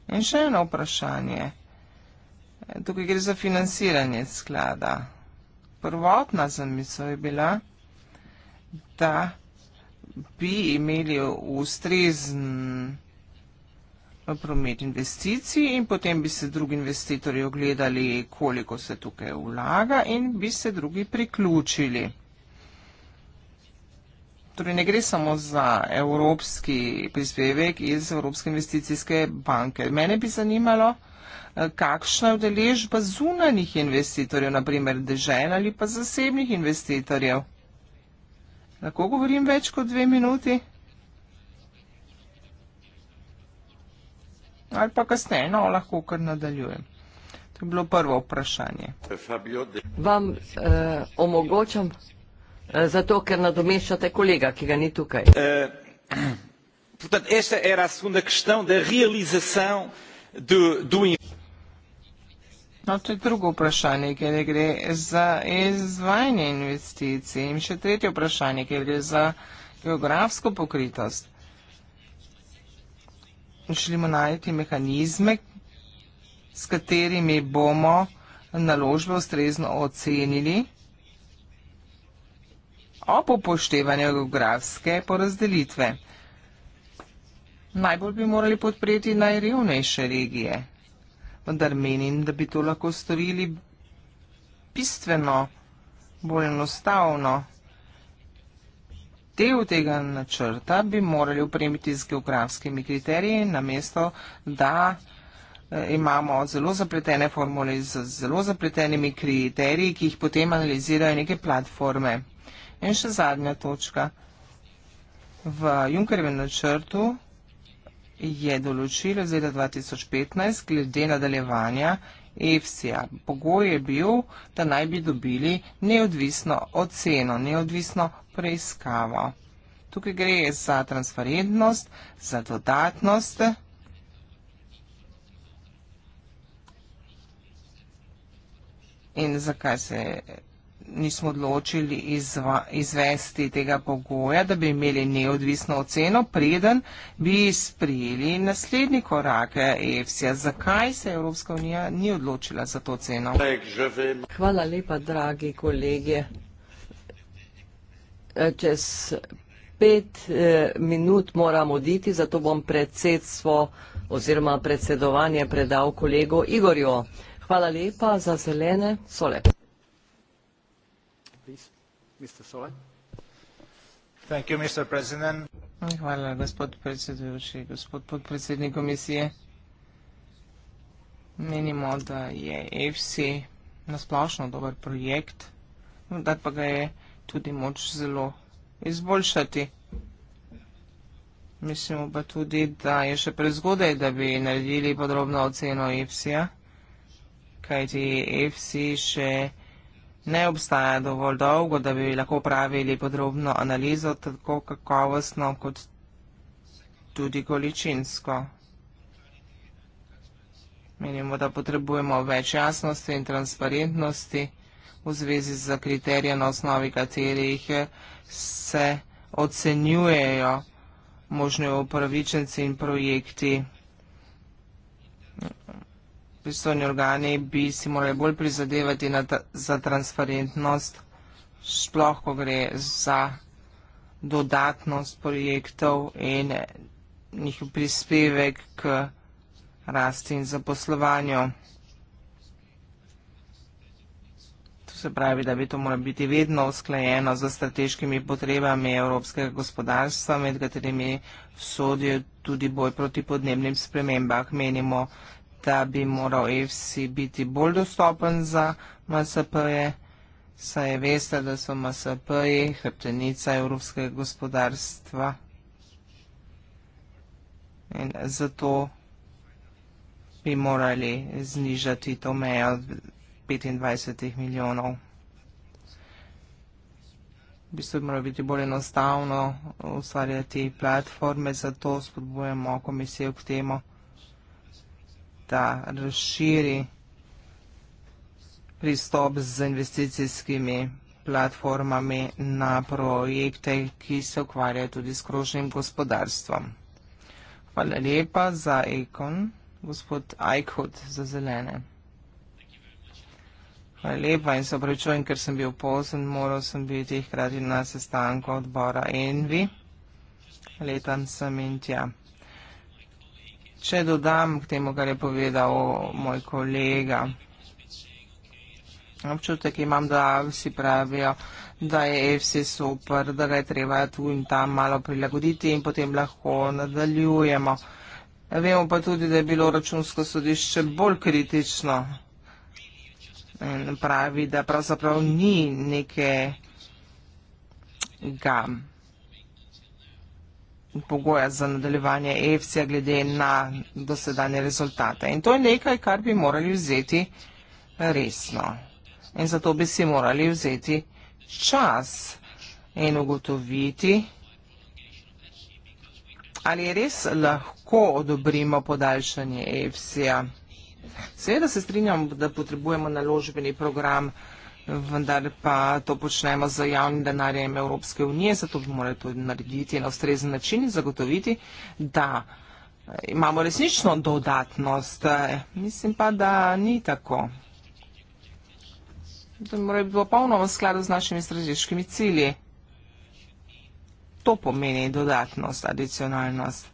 In še eno vprašanje. Tukaj gre za financiranje sklada. Prvotna zamisel je bila, da bi imeli ustrezen promet investicij in potem bi se drugi investitorji ogledali, koliko se tukaj vlaga in bi se drugi priključili. Torej ne gre samo za evropski prispevek iz Evropske investicijske banke. Mene bi zanimalo, eh, kakšna je udeležba zunanih investitorjev, naprimer dežen ali pa zasebnih investitorjev. Lahko govorim več kot dve minuti? Ali pa kasneje, no, lahko kar nadaljujem. To je bilo prvo vprašanje. Vam eh, omogočam Eh, zato ker nadomeščate kolega, ki ga ni tukaj. Eh, no, to je drugo vprašanje, ker gre za izvajanje investicij in še tretje vprašanje, ker gre za geografsko pokritost. Želimo najti mehanizme, s katerimi bomo naložbe ustrezno ocenili ob upoštevanju geografske porazdelitve. Najbolj bi morali podpreti najrevnejše regije, vendar menim, da bi to lahko storili bistveno, bolj enostavno. Del tega načrta bi morali upremiti z geografskimi kriteriji, namesto da eh, imamo zelo zapletene formule z zelo zapletenimi kriteriji, ki jih potem analizirajo neke platforme. In še zadnja točka. V Junkerjevem načrtu je določilo z leta 2015 glede nadaljevanja EFSI-ja. Pogoj je bil, da naj bi dobili neodvisno oceno, neodvisno preiskavo. Tukaj gre za transparentnost, za dodatnost. In zakaj se je nismo odločili izva, izvesti tega pogoja, da bi imeli neodvisno oceno, preden bi sprijeli naslednji korak EFSA. Zakaj se Evropska unija ni odločila za to ceno? Hvala lepa, dragi kolege. Čez pet e, minut moram oditi, zato bom predsedstvo oziroma predsedovanje predal kolegu Igorju. Hvala lepa za zelene sole. Hvala, gospod predsedujoči, gospod podpredsednik komisije. Menimo, da je EFSI nasplošno dober projekt, da pa ga je tudi moč zelo izboljšati. Mislimo pa tudi, da je še prezgodaj, da bi naredili podrobno oceno EFSI-ja, kajti EFSI še ne ne obstaja dovolj dolgo, da bi lahko pravili podrobno analizo, tako kakovostno kot tudi količinsko. Menimo, da potrebujemo več jasnosti in transparentnosti v zvezi z kriterijem, na osnovi katerih se ocenjujejo možne upravičenci in projekti pristojni organi bi si morali bolj prizadevati ta, za transparentnost, sploh ko gre za dodatnost projektov in njihov prispevek k rasti in zaposlovanju. To se pravi, da bi to moralo biti vedno usklajeno z strateškimi potrebami evropskega gospodarstva, med katerimi sodijo tudi boj proti podnebnim spremembah. Menimo, da bi moral EFSI biti bolj dostopen za MSP-je, saj veste, da so MSP-ji hrbtenica evropskega gospodarstva. In zato bi morali znižati to mejo 25 milijonov. V bistvu bi moralo biti bolj enostavno ustvarjati platforme, zato spodbujemo komisijo k temu da razširi pristop z investicijskimi platformami na projekte, ki se ukvarjajo tudi s krožnim gospodarstvom. Hvala lepa za ikon, gospod Eichhut za zelene. Hvala lepa in se opravičujem, ker sem bil pozen, moral sem biti hkrati na sestanku odbora Envi. Letan sem in tja. Če dodam k temu, kar je povedal moj kolega, občutek imam, da vsi pravijo, da je FC super, da ga je treba tu in tam malo prilagoditi in potem lahko nadaljujemo. Vemo pa tudi, da je bilo računsko sodišče bolj kritično. Pravi, da pravzaprav ni neke gam pogoja za nadaljevanje EFC-ja glede na dosedanje rezultate. In to je nekaj, kar bi morali vzeti resno. In zato bi si morali vzeti čas in ugotoviti, ali res lahko odobrimo podaljšanje EFC-ja. Seveda se strinjam, da potrebujemo naložbeni program EFC-ja, vendar pa to počnemo z javnim denarjem Evropske unije, zato bi morali to narediti na ustrezen način in zagotoviti, da imamo resnično dodatnost. Mislim pa, da ni tako. To bi morali bilo polno v skladu z našimi strateškimi cilji. To pomeni dodatnost, adicionalnost.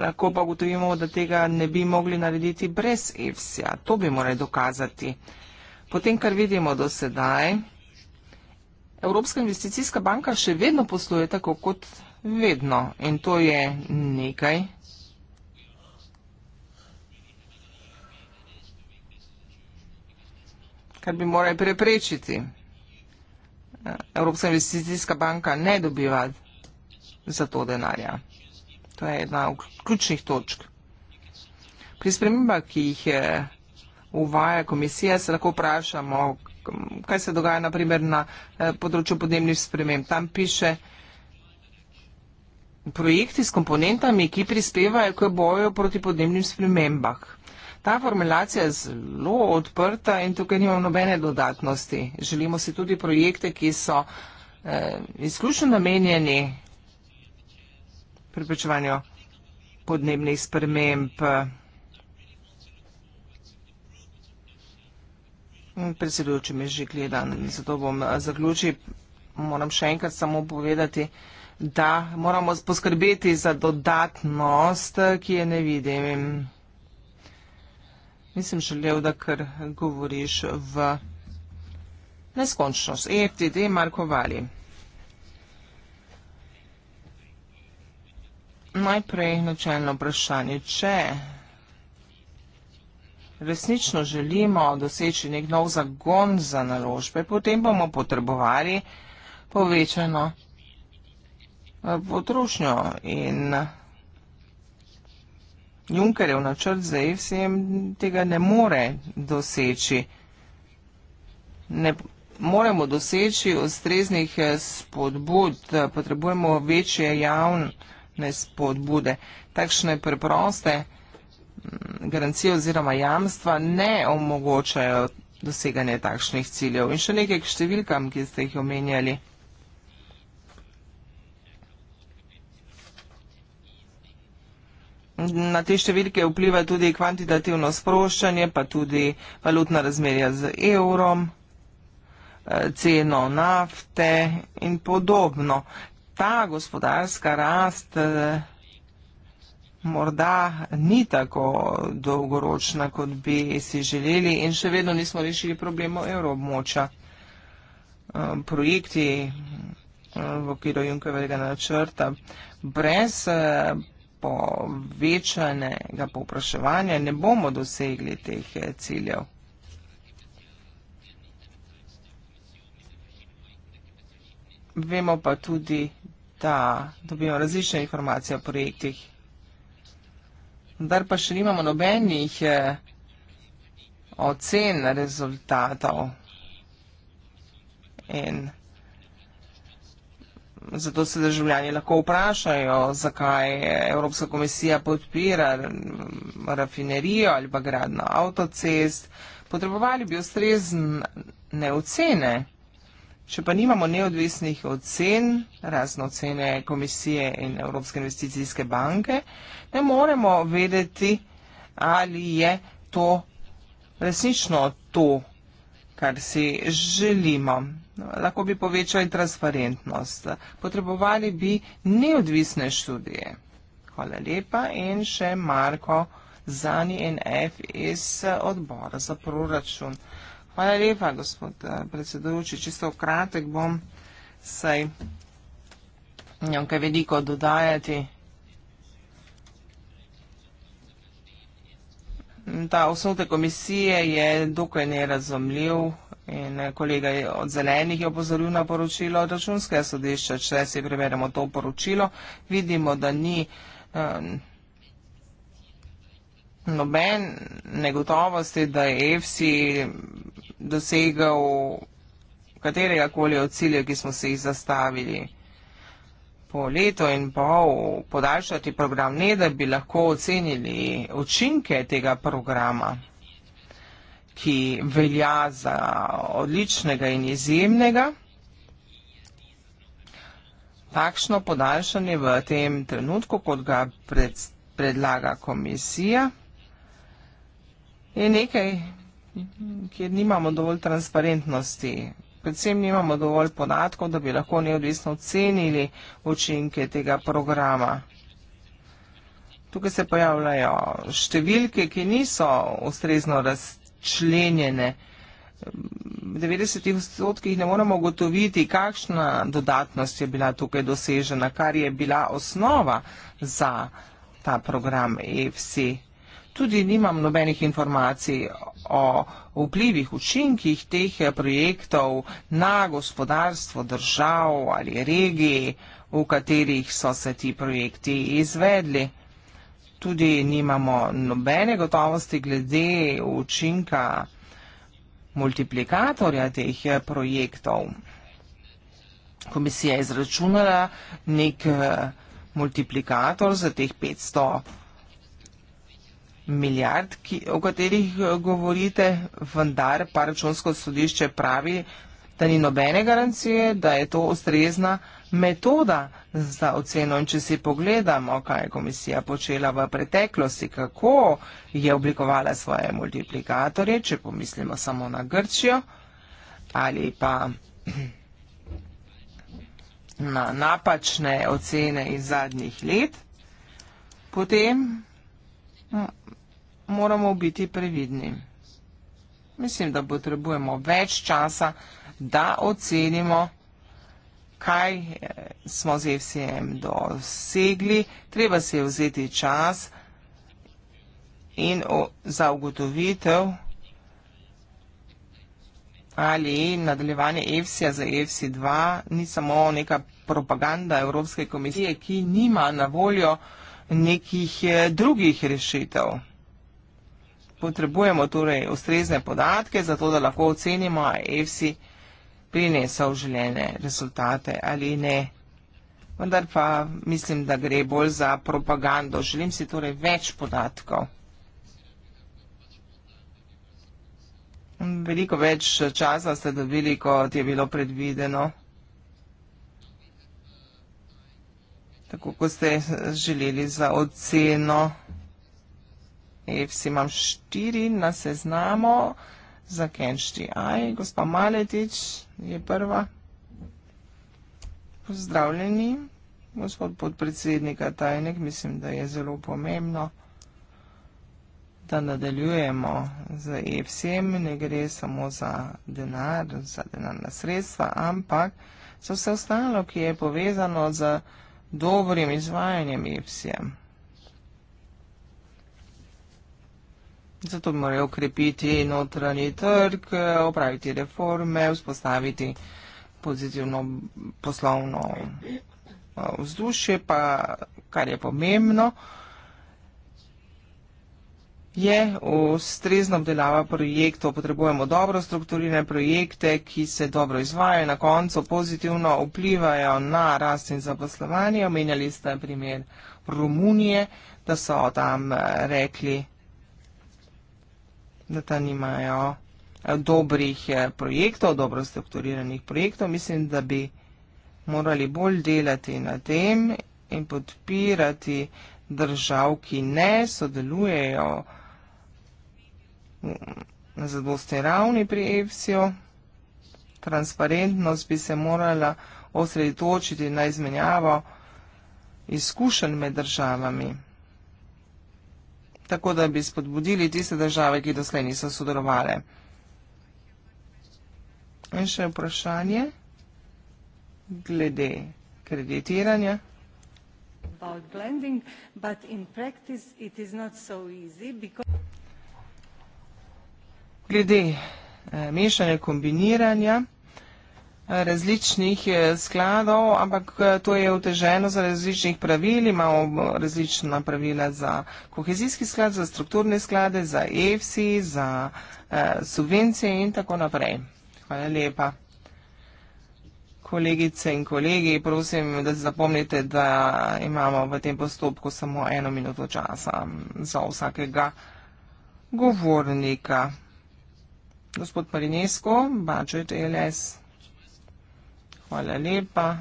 Lahko pa ugotovimo, da tega ne bi mogli narediti brez EFSA. To bi morali dokazati. Potem, kar vidimo do sedaj, Evropska investicijska banka še vedno posluje tako kot vedno in to je nekaj. kar bi morali preprečiti. Evropska investicijska banka ne dobiva za to denarja. To je ena od ključnih točk. Pri spremembah, ki jih je eh, uvaja komisija, se lahko vprašamo, kaj se dogaja naprimer na eh, področju podnebnih sprememb. Tam piše projekti s komponentami, ki prispevajo k boju proti podnebnim spremembah. Ta formulacija je zelo odprta in tukaj nimamo nobene dodatnosti. Želimo si tudi projekte, ki so eh, izključno namenjeni preprečevanju podnebnih sprememb. Predsedujoči mi že gledam, zato bom eh, zaključil. Moram še enkrat samo povedati, da moramo poskrbeti za dodatnost, ki je ne vidim. Mislim želel, da kar govoriš v neskončnost. EFTD Marko Vali. najprej načelno vprašanje. Če resnično želimo doseči nek nov zagon za naložbe, potem bomo potrebovali povečano eh, potrošnjo in Junkerjev načrt za EFSM tega ne more doseči. Ne moremo doseči ustreznih eh, spodbud, potrebujemo večje javno ne spodbude. Takšne preproste mm, garancije oziroma jamstva ne omogočajo doseganje takšnih ciljev. In še nekaj k številkam, ki ste jih omenjali. Na te številke vpliva tudi kvantitativno sproščanje, pa tudi valutna razmerja z evrom, eh, ceno nafte in podobno ta gospodarska rast eh, morda ni tako dolgoročna, kot bi si želeli in še vedno nismo rešili problemov evroobmoča. Eh, projekti eh, v okviru Junkovega načrta brez povečanega popraševanja ne bomo dosegli teh ciljev. Vemo pa tudi, da dobijo različne informacije o projektih. Vendar pa še nimamo nobenih eh, ocen rezultatov. In zato se državljani lahko vprašajo, zakaj Evropska komisija podpira rafinerijo ali pa gradno avtocest. Potrebovali bi ustrezne ocene. Če pa nimamo neodvisnih ocen, razno ocene Komisije in Evropske investicijske banke, ne moremo vedeti, ali je to resnično to, kar si želimo. Lahko bi povečali transparentnost. Potrebovali bi neodvisne študije. Hvala lepa in še Marko Zani in F iz odbora za proračun. Hvala lepa, gospod eh, predsedujoči. Čisto kratek bom, saj imam kaj veliko dodajati. Ta osnovte komisije je dokaj nerazumljiv in eh, kolega od zelenih je opozoril na poročilo računskega sodišča. Če si preberemo to poročilo, vidimo, da ni um, noben negotovosti, da je EFSI dosegal katerega koli od ciljev, ki smo se jih zastavili. Po leto in pol podaljšati program ne, da bi lahko ocenili učinke tega programa, ki velja za odličnega in izjemnega. Takšno podaljšanje v tem trenutku, kot ga predlaga komisija, je nekaj, kjer nimamo dovolj transparentnosti. Predvsem nimamo dovolj podatkov, da bi lahko neodvisno ocenili učinke tega programa. Tukaj se pojavljajo številke, ki niso ustrezno razčlenjene. V 90 odstotkih ne moramo ugotoviti, kakšna dodatnost je bila tukaj dosežena, kar je bila osnova za ta program EFSI Tudi nimam nobenih informacij o vplivih, učinkih teh projektov na gospodarstvo držav ali regiji, v katerih so se ti projekti izvedli. Tudi nimamo nobene gotovosti glede učinka multiplikatorja teh projektov. Komisija je izračunala nek eh, multiplikator za teh 500 projektov milijard, ki, o katerih eh, govorite, vendar pa računsko sodišče pravi, da ni nobene garancije, da je to ustrezna metoda za oceno. In če si pogledamo, kaj je komisija počela v preteklosti, kako je oblikovala svoje multiplikatorje, če pomislimo samo na Grčijo ali pa na napačne ocene iz zadnjih let, potem. No, moramo biti previdni. Mislim, da potrebujemo več časa, da ocenimo, kaj eh, smo z FCM dosegli. Treba se je vzeti čas in za ugotovitev, ali nadaljevanje EFSI-a za EFSI-2 ni samo neka propaganda Evropske komisije, ki nima na voljo nekih eh, drugih rešitev. Potrebujemo torej ustrezne podatke, zato da lahko ocenimo, a EFSI prinesel želene rezultate ali ne. Vendar pa mislim, da gre bolj za propagando. Želim si torej več podatkov. Veliko več časa ste dobili, kot je bilo predvideno. Tako, kot ste želeli za oceno. EFSI, imam štiri na seznamu za Kenšti. Aj, gospa Maletič je prva. Pozdravljeni, gospod podpredsednika tajnik, mislim, da je zelo pomembno, da nadaljujemo z EFSI-em, ne gre samo za denar, za denarna sredstva, ampak so vse ostalo, ki je povezano z dobrim izvajanjem EFSI-em. Zato morajo ukrepiti notranji trg, opraviti reforme, vzpostaviti pozitivno poslovno eh, vzdušje, pa kar je pomembno, je ustrezna obdelava projektov. Potrebujemo dobro strukturirane projekte, ki se dobro izvajajo, na koncu pozitivno vplivajo na rast in zaposlovanje. Omenjali ste primer Romunije, da so tam eh, rekli, da tam nimajo eh, dobrih eh, projektov, dobro strukturiranih projektov. Mislim, da bi morali bolj delati na tem in podpirati držav, ki ne sodelujejo mm, na zadosti ravni pri EFSI-u. Transparentnost bi se morala osredotočiti na izmenjavo izkušenj med državami tako da bi spodbudili tiste države, ki doslej niso sodelovale. In še vprašanje glede kreditiranja. Glede eh, mešanja kombiniranja različnih eh, skladov, ampak eh, to je oteženo za različnih pravil. Imamo različna pravila za kohezijski sklad, za strukturne sklade, za EFSI, za eh, subvencije in tako naprej. Hvala lepa. Kolegice in kolegi, prosim, da se zapomnite, da imamo v tem postopku samo eno minuto časa za vsakega govornika. Gospod Marinesko, bačujete LS. Hvala lepa.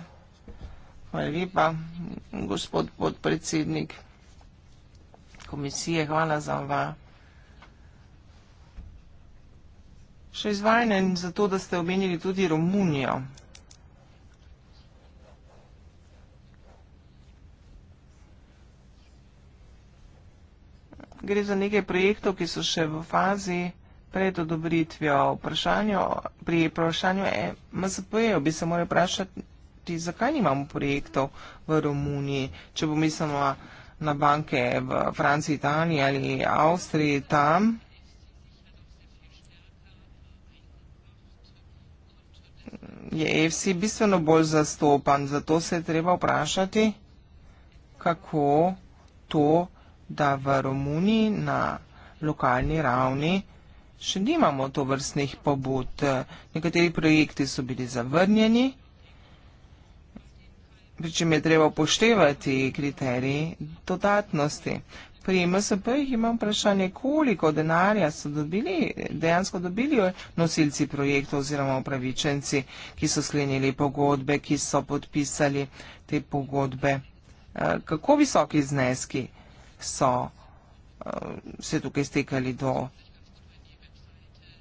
Hvala lepa, gospod podpredsednik komisije. Hvala za vam. Še izvajanje in zato, da ste omenili tudi Romunijo. Gre za nekaj projektov, ki so še v fazi izvajanja pred odobritvijo pri vprašanju MSP-jev bi se morali vprašati, zakaj nimamo projektov v Romuniji, če bo mislila na banke v Franciji, Italiji ali Avstriji tam. Je EFC bistveno bolj zastopan, zato se je treba vprašati, kako to, da v Romuniji na lokalni ravni vprašanje, še nimamo to vrstnih pobud. Nekateri projekti so bili zavrnjeni, pričem je treba upoštevati kriteriji dodatnosti. Pri MSP-jih imam vprašanje, koliko denarja so dobili, dejansko dobili nosilci projektov oziroma upravičenci, ki so sklenili pogodbe, ki so podpisali te pogodbe. Eh, kako visoki zneski so eh, se tukaj stekali do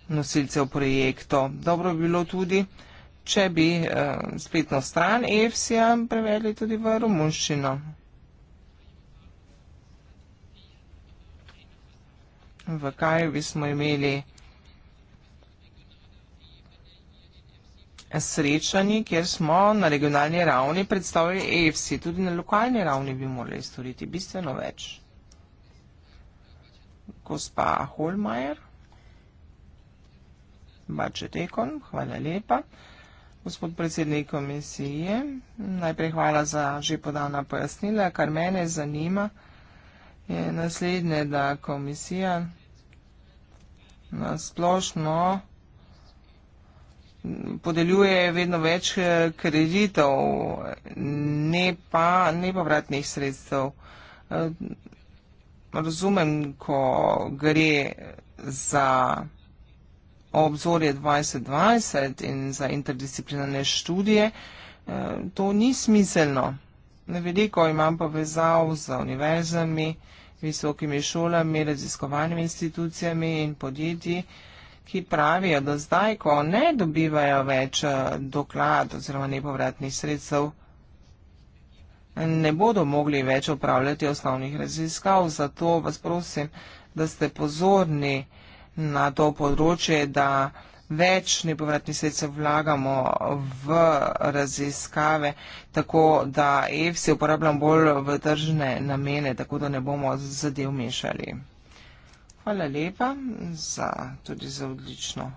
nosilcev projektov. Dobro bi bilo tudi, če bi eh, spletno stran EFSI-ja prevedli tudi v romunščino. V kaj bi smo imeli srečanji, kjer smo na regionalni ravni predstavili EFSI. Tudi na lokalni ravni bi morali storiti bistveno več. Gospa Holmajer. Bačetekon, hvala lepa. Gospod predsednik komisije, najprej hvala za že podana pojasnila. Kar mene zanima je naslednje, da komisija nasplošno podeljuje vedno več eh, kreditov, ne pa nepovratnih sredstev. Eh, razumem, ko gre za obzorje 2020 in za interdisciplinarne študije, eh, to ni smiselno. Veliko imam povezav z univerzami, visokimi šolami, raziskovanimi institucijami in podjetji, ki pravijo, da zdaj, ko ne dobivajo več eh, doklad oziroma nepovratnih sredstev, ne bodo mogli več upravljati osnovnih raziskav. Zato vas prosim, da ste pozorni na to področje, da več nepovratnih sredstev vlagamo v raziskave, tako da EFSI uporabljam bolj v tržne namene, tako da ne bomo zadev mešali. Hvala lepa za, tudi za odlično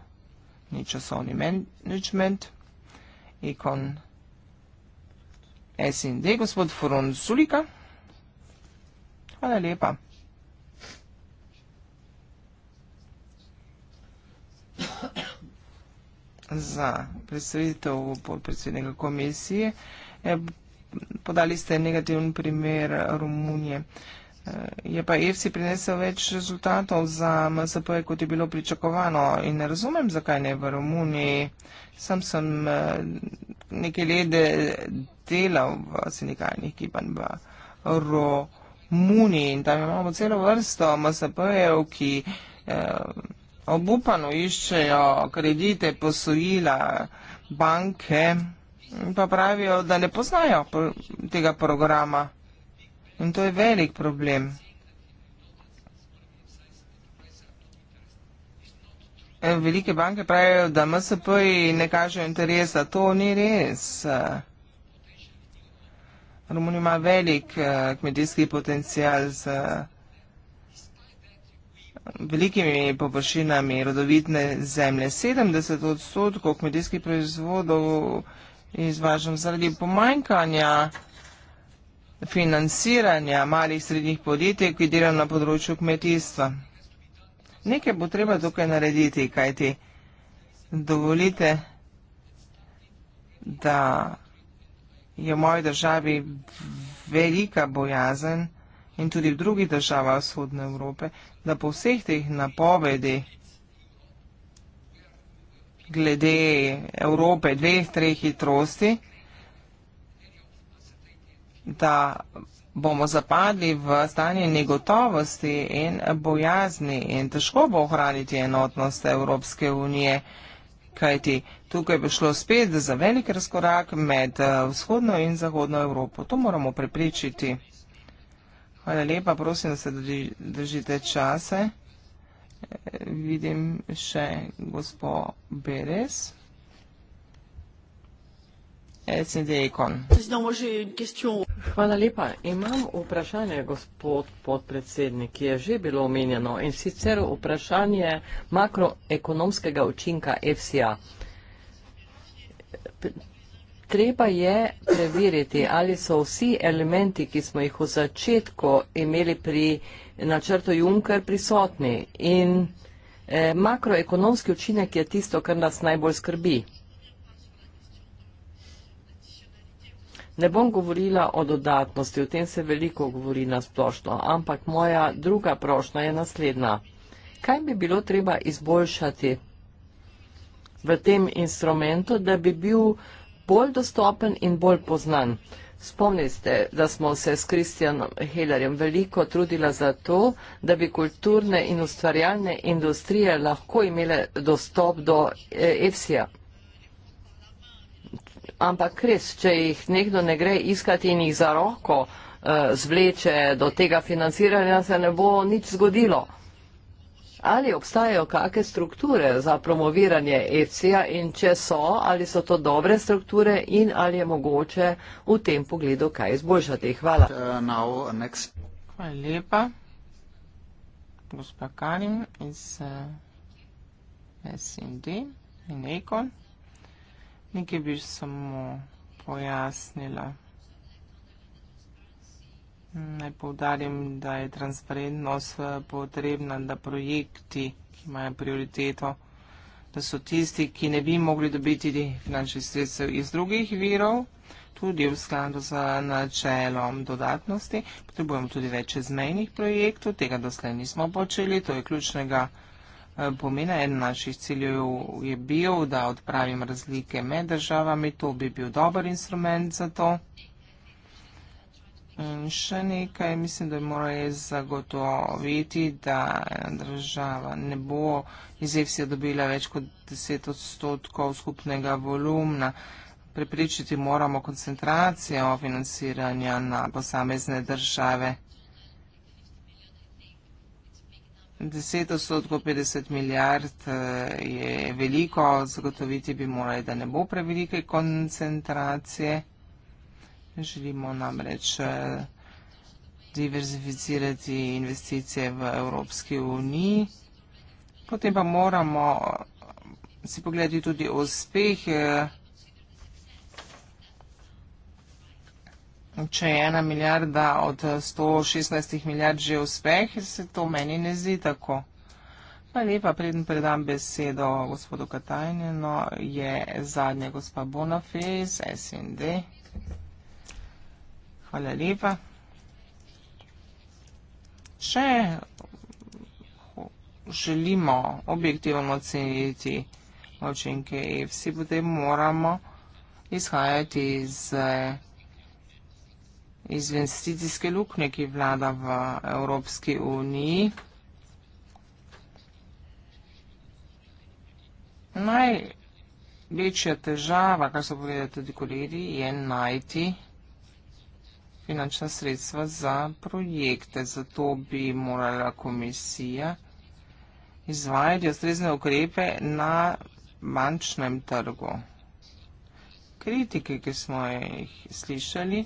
časovni management. Ikon SND, gospod Furon Sulika. Hvala lepa. za predstavitev podpredsednika komisije. E, podali ste negativen primer Romunije. E, je pa EFSI prinesel več rezultatov za MSP, kot je bilo pričakovano in ne razumem, zakaj ne v Romuniji. Sam sem e, nekaj lede delal v sindikalnih kipanj v Romuniji in tam imamo celo vrsto MSP-ev, ki eh, obupano iščejo kredite, posojila, banke in pa pravijo, da ne poznajo tega programa. In to je velik problem. E, velike banke pravijo, da MSP-ji ne kažejo interesa. To ni res. Romunija ima velik e, kmetijski potencijal z vsega velikimi površinami rodovitne zemlje. 70 odstotkov kmetijskih proizvodov izvažam zaradi pomanjkanja financiranja malih srednjih podjetij, ki delajo na področju kmetijstva. Nekaj bo treba tukaj narediti, kajti dovolite, da je v moji državi velika bojazen, da je in tudi v drugih državah vzhodne Evrope, da po vseh teh napovedi glede Evrope dveh, treh hitrosti, da bomo zapadli v stanje negotovosti in bojazni in težko bo ohraniti enotnost Evropske unije, kajti tukaj bi šlo spet za velik razkorak med eh, vzhodno in zahodno Evropo. To moramo prepričiti. Hvala lepa, prosim, da se držite čase. E, vidim še gospo Beres. Hvala lepa. Imam vprašanje, gospod podpredsednik, ki je že bilo omenjeno in sicer vprašanje makroekonomskega učinka FCA treba je preveriti, ali so vsi elementi, ki smo jih v začetku imeli pri načrtu Juncker, prisotni. In eh, makroekonomski učinek je tisto, kar nas najbolj skrbi. Ne bom govorila o dodatnosti, o tem se veliko govori na splošno, ampak moja druga prošnja je naslednja. Kaj bi bilo treba izboljšati v tem instrumentu, da bi bil eh, bolj dostopen in bolj poznan. Spomnite, da smo se s Kristjanom Helerjem veliko trudila za to, da bi kulturne in ustvarjalne industrije lahko imele dostop do EFSI-ja. Ampak res, če jih nekdo ne gre iskati in jih za roko uh, zvleče do tega financiranja, se ne bo nič zgodilo. Ali obstajajo kakšne strukture za promoviranje ECA in če so, ali so to dobre strukture in ali je mogoče v tem pogledu kaj izboljšati? Hvala. Uh, uh, Hvala lepa. Gospa Karim iz uh, SND in Ekon. Nekaj bi samo pojasnila. Naj povdarjam, da je transparentnost eh, potrebna, da projekti, ki imajo prioriteto, da so tisti, ki ne bi mogli dobiti finančnih sredstev iz drugih virov, tudi v skladu z načelom dodatnosti. Potrebujemo tudi več izmejnih projektov, tega doslej nismo počeli, to je ključnega eh, pomena. En naših ciljev je bil, da odpravim razlike med državami, to bi bil dober instrument za to. In še nekaj, mislim, da mora jaz zagotoviti, da država ne bo iz EFSI-ja dobila več kot 10 odstotkov skupnega volumna. Prepričati moramo koncentracijo financiranja na posamezne države. 10 odstotkov 50 milijard eh, je veliko, zagotoviti bi morali, da ne bo prevelike koncentracije. Želimo namreč eh, diverzificirati investicije v Evropski uniji. Potem pa moramo eh, si pogledati tudi uspeh, če je ena milijarda od 116 milijard že uspeh, se to meni ne zdi tako. Pa lepa, predn predam besedo gospodu Katajnino, je zadnja gospa Bonafez, SND. Hvala lepa. Če želimo objektivno oceniti učinke EFSI, potem moramo izhajati iz, iz investicijske luknje, ki vlada v Evropski uniji. Največja težava, kar so povedali tudi kolegi, je najti finančna sredstva za projekte. Zato bi morala komisija izvajati ustrezne ukrepe na bančnem trgu. Kritike, ki smo jih slišali,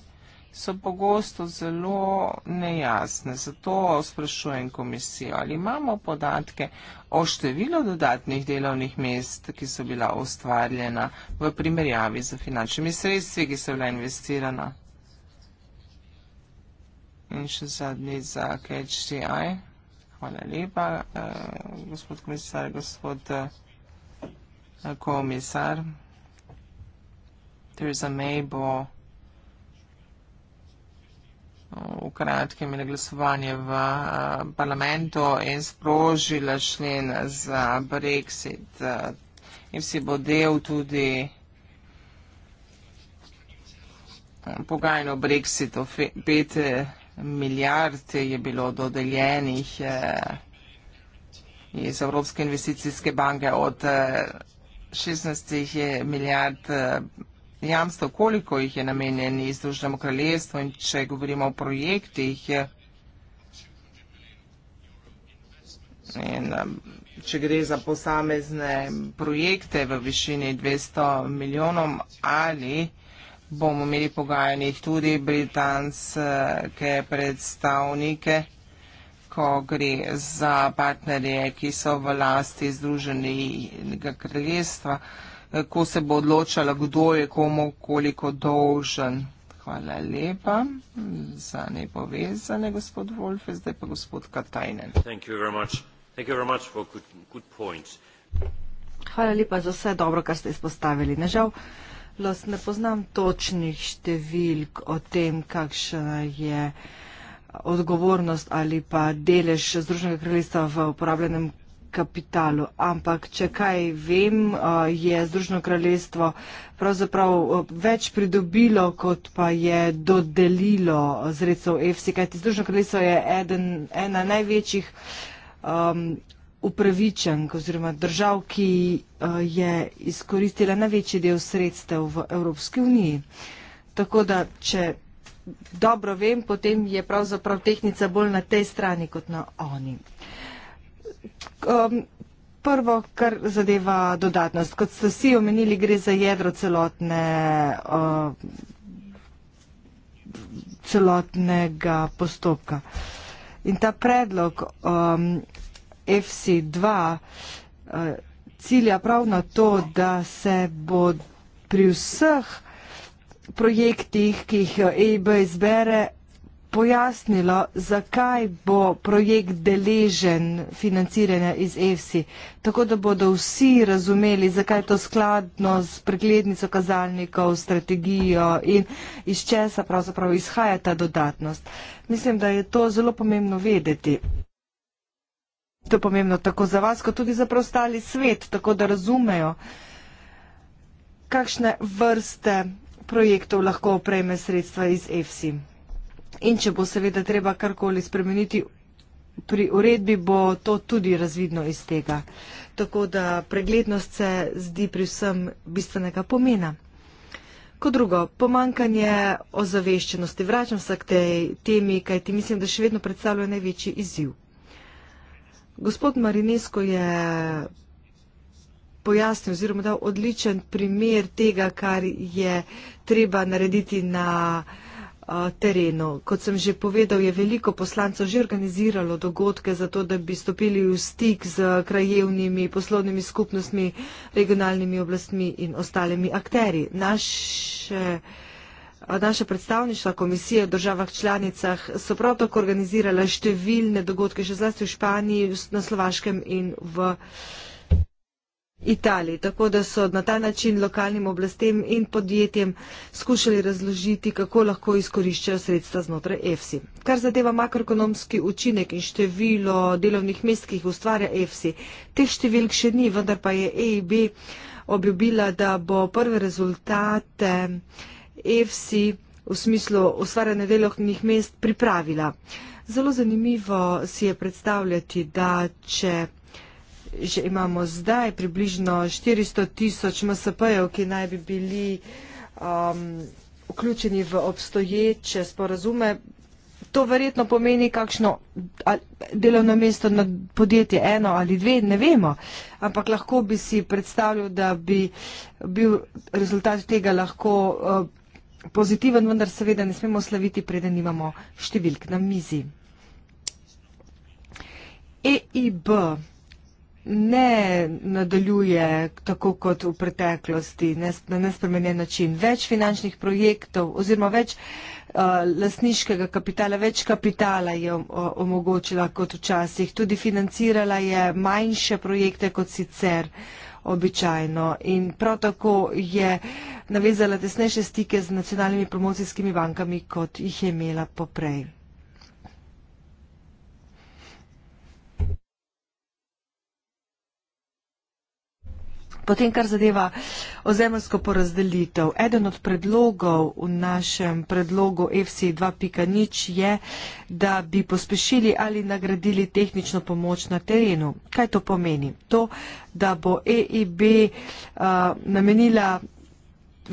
so pogosto zelo nejasne. Zato sprašujem komisijo, ali imamo podatke o številu dodatnih delovnih mest, ki so bila ustvarjena v primerjavi z finančnimi sredstvi, ki so bila investirana. In še zadnji za KHCI. Hvala lepa, uh, gospod komisar, gospod uh, komisar. Theresa May bo eh, v kratkem imela glasovanje v parlamentu in sprožila člen za Brexit. In si bo del tudi pogajanja o Brexitu. Pete, milijard je bilo dodeljenih eh, iz Evropske investicijske banke od 16 eh, milijard eh, jamstv, koliko jih je namenjen iz Združnemu kraljestvu in če govorimo o projektih in če gre za posamezne projekte v višini 200 milijonov ali projekte, bomo imeli pogajanjih tudi britanske predstavnike, ko gre za partnerje, ki so v lasti Združenega kraljestva, ko se bo odločalo, kdo je komu koliko dolžen. Hvala lepa za nepovezane, gospod Wolfe, zdaj pa gospod Katajnen. Hvala lepa za vse dobro, kar ste izpostavili. Nažal, Los, ne poznam točnih številk o tem, kakšna je odgovornost ali pa delež Združenega kraljestva v uporabljenem kapitalu, ampak če kaj vem, eh, je Združeno kraljestvo pravzaprav eh, več pridobilo, kot pa je dodelilo zrecov EFSI, kajti Združeno kraljestvo je eden, ena največjih um, upravičenk oziroma držav, ki eh, je izkoristila največji del sredstev v Evropski uniji. Tako da, če dobro vem, potem je pravzaprav tehnica bolj na tej strani kot na oni. Ehm, prvo, kar zadeva dodatnost. Kot ste vsi omenili, gre za jedro celotne, eh, celotnega postopka. In ta predlog um, FC2 uh, eh, cilja prav na to, da se bo pri vseh projektih, ki jih EIB izbere, pojasnilo, zakaj bo projekt deležen financiranja iz EFSI, tako da bodo vsi razumeli, zakaj je to skladno s preglednico kazalnikov, strategijo in iz česa pravzaprav izhaja ta dodatnost. Mislim, da je to zelo pomembno vedeti. To je pomembno tako za vas, kot tudi za preostali svet, tako da razumejo, kakšne vrste projektov lahko prejme sredstva iz EFSI. In če bo seveda treba karkoli spremeniti pri uredbi, bo to tudi razvidno iz tega. Tako da preglednost se zdi pri vsem bistvenega pomena. Kot drugo, pomankanje ozaveščenosti. Vračam se k tej temi, kaj ti mislim, da še vedno predstavlja največji izziv. Gospod Marinesko je pojasnil oziroma dal odličen primer tega, kar je treba narediti na uh, terenu. Kot sem že povedal, je veliko poslancev že organiziralo dogodke za to, da bi stopili v stik z krajevnimi poslovnimi skupnostmi, regionalnimi oblastmi in ostalimi akteri. Naše eh, Naše predstavništva komisije v državah članicah so prav tako organizirale številne dogodke, še zlasti v Španiji, na Slovaškem in v Italiji. Tako da so na ta način lokalnim oblastem in podjetjem skušali razložiti, kako lahko izkoriščajo sredstva znotraj EFSI. Kar zadeva makroekonomski učinek in število delovnih mest, ki jih ustvarja EFSI, teh številk še ni, vendar pa je EIB obljubila, da bo prve rezultate EFSI v smislu ustvarjanja delovnih mest pripravila. Zelo zanimivo si je predstavljati, da če že imamo zdaj približno 400 tisoč MSP-jev, ki naj bi bili um, vključeni v obstoječe sporazume, to verjetno pomeni kakšno delovno mesto na podjetje eno ali dve, ne vemo, ampak lahko bi si predstavljal, da bi bil rezultat tega lahko. Uh, pozitiven, vendar seveda ne smemo slaviti, preden imamo številk na mizi. EIB ne nadaljuje tako kot v preteklosti, na nespremenjen način. Več finančnih projektov oziroma več uh, eh, lasniškega kapitala, več kapitala je omogočila kot včasih. Tudi financirala je manjše projekte kot sicer. Uh, običajno. In prav tako je navezala tesnejše stike z nacionalnimi promocijskimi bankami, kot jih je imela poprej. Potem, kar zadeva ozemljsko porazdelitev, eden od predlogov v našem predlogu FC 2.0 je, da bi pospešili ali nagradili tehnično pomoč na terenu. Kaj to pomeni? To, da bo EIB uh, namenila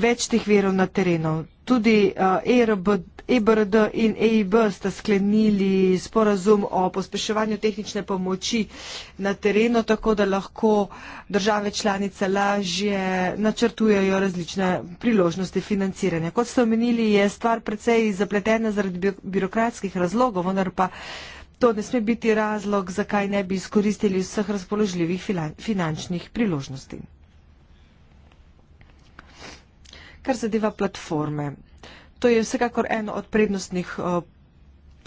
več teh verov na terenu. Tudi uh, ERB, EBRD in EIB sta sklenili sporazum o pospeševanju tehnične pomoči na terenu, tako da lahko države članice lažje načrtujejo različne priložnosti financiranja. Kot ste omenili, je stvar precej zapletena zaradi birokratskih razlogov, vendar pa to ne sme biti razlog, zakaj ne bi izkoristili vseh razpoložljivih finančnih priložnosti kar zadeva platforme. To je vsekakor eno od prednostnih eh,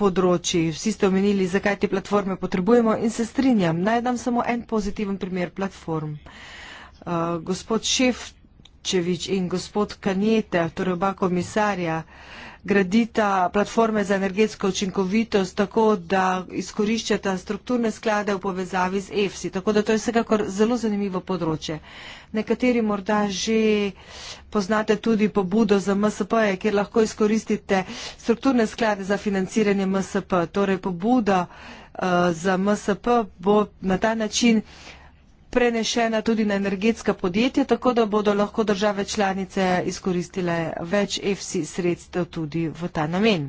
področji. Vsi ste omenili, zakaj te platforme potrebujemo in se strinjam. Naj dam samo en pozitiven primer platform. Eh, gospod Šefčevič in gospod Kanjete, torej oba komisarja, gradita platforme za energetsko učinkovitost, tako da izkoriščata strukturne sklade v povezavi z EFSI. Tako da to je vsekakor zelo zanimivo področje. Nekateri morda že poznate tudi pobudo za MSP, kjer lahko izkoristite strukturne sklade za financiranje MSP. Torej, pobuda uh, za MSP bo na ta način uh, prenešena tudi na energetska podjetja, tako da bodo lahko države članice izkoristile več EFSI sredstev tudi v ta namen.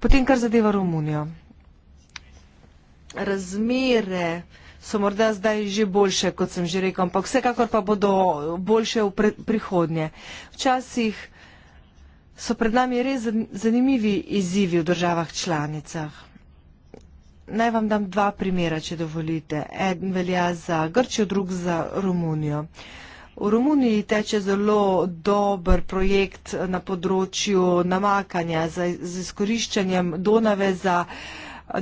Potem, kar zadeva Romunijo. Razmere so morda zdaj že boljše, kot sem že rekel, ampak vsekakor pa bodo boljše v prihodnje. Včasih so pred nami res zanimivi izzivi v državah članicah. Naj vam dam dva primera, če dovolite. En velja za Grčijo, drug za Romunijo. V Romuniji teče zelo dober projekt na področju namakanja z, z izkoriščanjem Donave za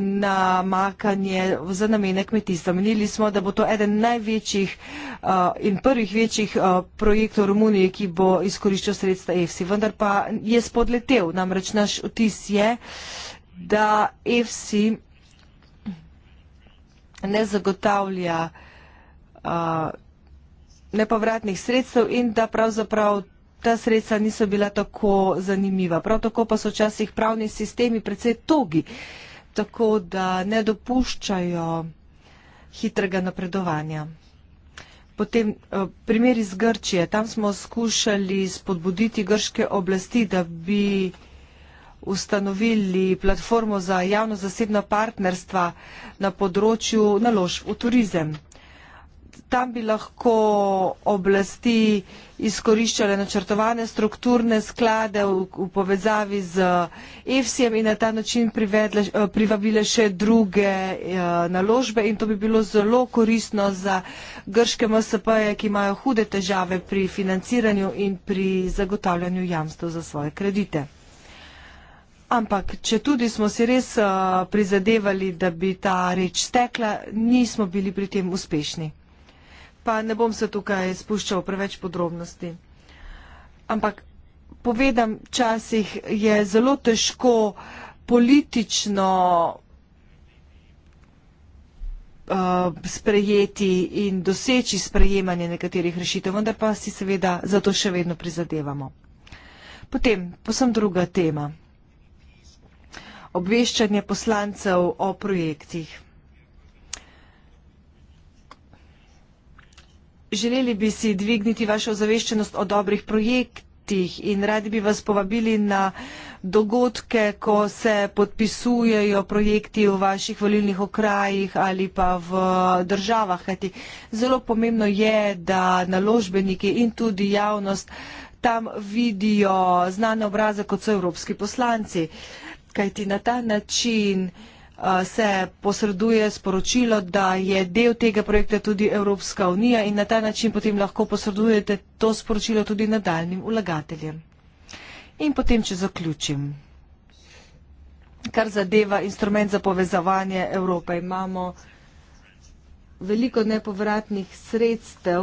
namakanje za namene kmetijstva. Menili smo, da bo to eden največjih uh, in prvih večjih uh, projektov Romunije, ki bo izkoriščal sredstva EFSI. Vendar pa je spodletel. Namreč naš vtis je, da EFSI ne zagotavlja uh, nepovratnih sredstev in da pravzaprav ta sredstva niso bila tako zanimiva. Prav tako pa so včasih pravni sistemi predvsej togi, tako da ne dopuščajo hitrega napredovanja. Potem primer iz Grčije. Tam smo skušali spodbuditi grške oblasti, da bi ustanovili platformo za javno-zasebna partnerstva na področju naložb v turizem. Tam bi lahko oblasti izkoriščale načrtovane strukturne sklade v, v povezavi z EFSI-jem in na ta način privedle, eh, privabile še druge eh, naložbe in to bi bilo zelo koristno za grške MSP-je, ki imajo hude težave pri financiranju in pri zagotavljanju jamstv za svoje kredite. Ampak, če tudi smo si res uh, prizadevali, da bi ta reč stekla, nismo bili pri tem uspešni. Pa ne bom se tukaj spuščal preveč podrobnosti. Ampak, povedam, časih je zelo težko politično eh, sprejeti in doseči sprejemanje nekaterih rešitev, vendar pa si seveda za to še vedno prizadevamo. Potem, posem druga tema obveščanje poslancev o projektih. Želeli bi si dvigniti vašo ozaveščenost o dobrih projektih in radi bi vas povabili na dogodke, ko se podpisujejo projekti v vaših volilnih okrajih ali pa v državah. Kajti zelo pomembno je, da naložbeniki in tudi javnost tam vidijo znane obraze kot so evropski poslanci. Uh, kajti na ta način uh, se posreduje sporočilo, da je del tega projekta tudi Evropska unija in na ta način potem lahko posredujete to sporočilo tudi nadaljnim ulagateljem. In potem, če zaključim, kar zadeva instrument za povezovanje Evrope, imamo veliko nepovratnih sredstev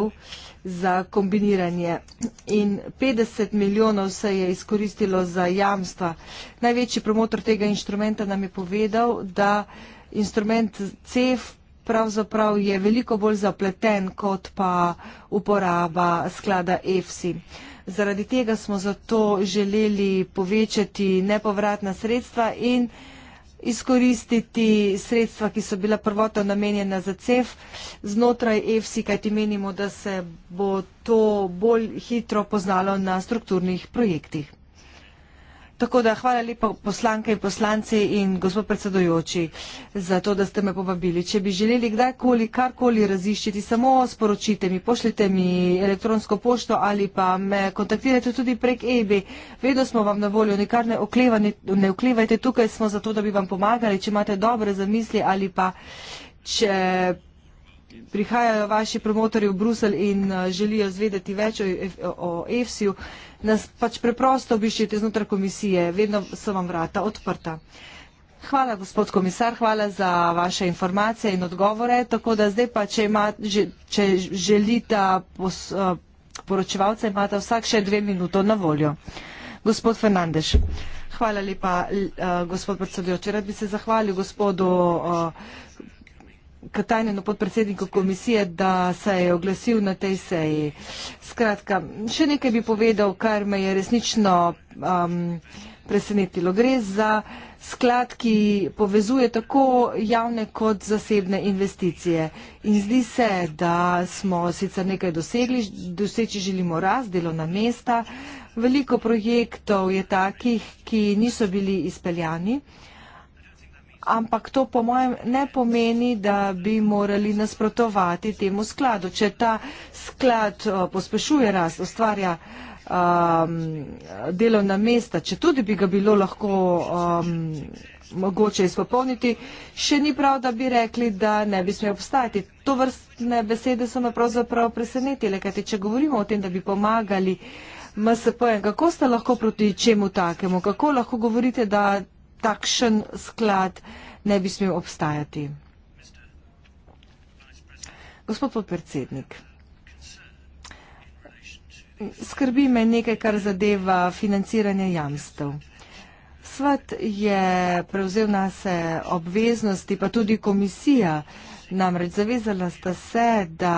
za kombiniranje in 50 milijonov se je izkoristilo za jamstva. Največji promotor tega inštrumenta nam je povedal, da instrument CEF pravzaprav je veliko bolj zapleten kot pa uporaba sklada EFSI. Zaradi tega smo zato želeli povečati nepovratna sredstva in izkoristiti sredstva, ki so bila prvotno namenjena za CEF znotraj EFSI, kajti menimo, da se bo to bolj hitro poznalo na strukturnih projektih. Tako da hvala lepo poslanke in poslanci in gospod predsedujoči za to, da ste me povabili. Če bi želeli kdajkoli, karkoli raziščiti, samo sporočite mi, pošljite mi elektronsko pošto ali pa me kontaktirajte tudi prek EBE. Vedno smo vam na voljo, nikar ne, okleva, ne, ne oklevajte, tukaj smo zato, da bi vam pomagali, če imate dobre zamisli ali pa če prihajajo vaši promotori v Bruselj in eh, želijo zvedeti več o EFSI-ju, nas pač preprosto obiščete znotraj komisije. Vedno so vam vrata odprta. Hvala, gospod komisar, hvala za vaše informacije in odgovore. Tako da zdaj pa, če, ima, če želita pos, eh, poročevalca, imate vsak še dve minuto na voljo. Gospod Fernandeš. Hvala lepa, eh, gospod predsedujoč. Rad bi se zahvalil gospodu k tajnemu podpredsedniku komisije, da se je oglasil na tej seji. Skratka, še nekaj bi povedal, kar me je resnično um, presenetilo. Gre za sklad, ki povezuje tako javne kot zasebne investicije. In zdi se, da smo sicer nekaj dosegli, doseči želimo razdelo na mesta. Veliko projektov je takih, ki niso bili izpeljani. Uh, ampak to po mojem ne pomeni, da bi morali nasprotovati temu skladu. Če ta sklad pospešuje rast, ustvarja um, delovna mesta, če tudi bi ga bilo lahko um, mogoče izpopolniti, še ni prav, da bi rekli, da ne bi smel obstajati. To vrstne besede so me pravzaprav presenetile, kajte če govorimo o tem, da bi pomagali MSP-jem, kako ste lahko proti čemu takemu, kako lahko govorite, da takšen sklad ne bi smel obstajati. Gospod podpredsednik, skrbi me nekaj, kar zadeva financiranje jamstev. Svet je prevzel na se obveznosti, pa tudi komisija namreč zavezala sta se, da